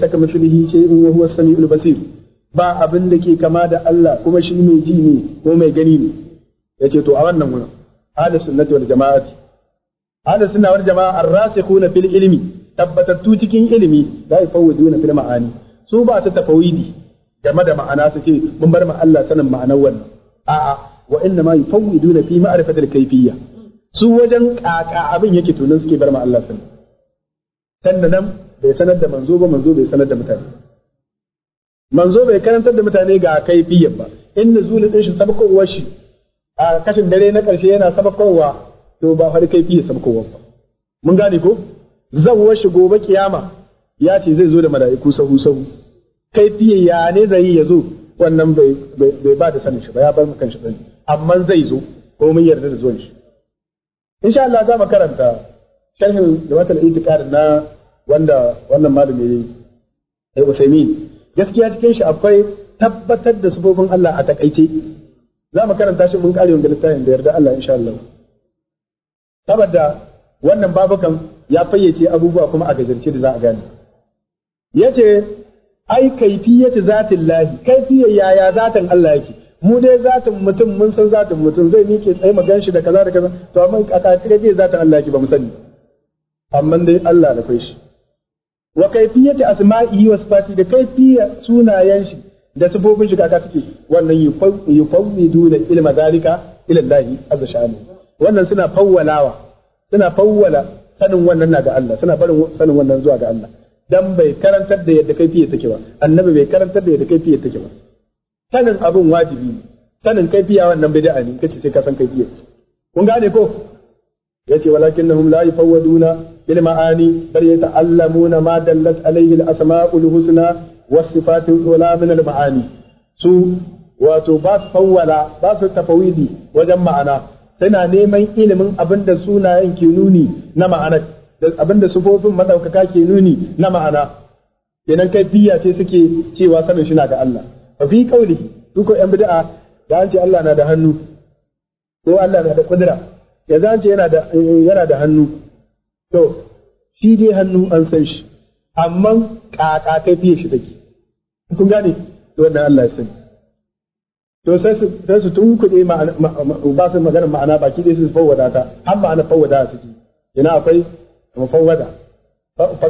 saka kamithlihi shi in huwa samiul basir ba abin da ke kama da Allah kuma shi mai ji ne ko mai gani ne yace to a wannan wurin ahlus sunnati wal jama'ati ahlus sunna wal jama'a ar-rasikhuna fil ilmi tabbatattu cikin ilimi la na fil ma'ani su ba su tafawidi game da ma'ana su ce mun bar ma Allah sanin ma'anar wannan a'a wa inna ma yufawwiduna fi ma'rifatil kayfiyya su wajen kaka abin yake tunan suke bar ma Allah sanin sannan nan bai sanar da manzo ba manzo bai sanar da mutane manzo bai karantar da mutane ga kayfiyyar ba in nuzulin din shi sabakowa shi a kashin dare na karshe yana sabakowa to ba har kayfiyyar sabakowa ba mun gane ko zawwar shi gobe kiyama ya ce zai zo da mala'iku sahu sahu kaifiya ya ne zai ya zo wannan bai ba da sanin shi ba ya bar kan shi sani amma zai zo ko mun yarda da zuwan shi insha Allah za mu karanta sharhin da wata ta ƙarin na wanda wannan malami yayi ai Usaimin gaskiya cikin shi akwai tabbatar da sufofin Allah a takaice za mu karanta shi mun kare wanga littafin da yarda Allah insha Allah saboda wannan babukan ya fayyace abubuwa kuma a gajarce da za a gane Ya ce. ai kaifiyatu zatin lahi kaifiyar yaya zatin Allah yake mu dai zatin mutum mun san zatin mutum zai miƙe tsaye mu ganshi da kaza da kaza to amma a kaifiyar zatin Allah yake ba mu sani amma dai Allah da kai shi wa kaifiyatu asma'i wa sifati da kaifiya sunayen shi da sifofin shi kaka suke wannan yufawwidu da ilma zalika ila Allah azza sha'ani wannan suna fawwalawa suna fawwala sanin wannan na ga Allah suna barin sanin wannan zuwa ga Allah dan bai karantar da yadda kai fiye take ba annabi bai karantar da yadda kai fiye take ba sanin abin wajibi sanin kai fiya wannan bai ne kace sai ka san kai fiye kun gane ko yace walakinnahum la yafawwaduna bil ma'ani bal yata'allamuna ma dallat alayhi al asma'ul husna was sifatu ula min al ma'ani su wato ba su fawwala ba su tafawidi wajen ma'ana suna neman ilimin abin da sunayen ke nuni na ma'anar da abinda sufofin madaukaka ke nuni na ma'ana kenan biya ce suke cewa sanin shi na ga Allah fa fi qauli duka yan bid'a da an ce Allah na da hannu ko Allah na da kudura ya zance ce yana da yana da hannu to shi dai hannu an san shi amma kaka fiye shi take kun gane To wannan Allah ya sani to sai su sai su tunkuɗe ba su magana ma'ana baki dai su fawwada ta har ma'ana fawwada suke ina akwai mufawwada fa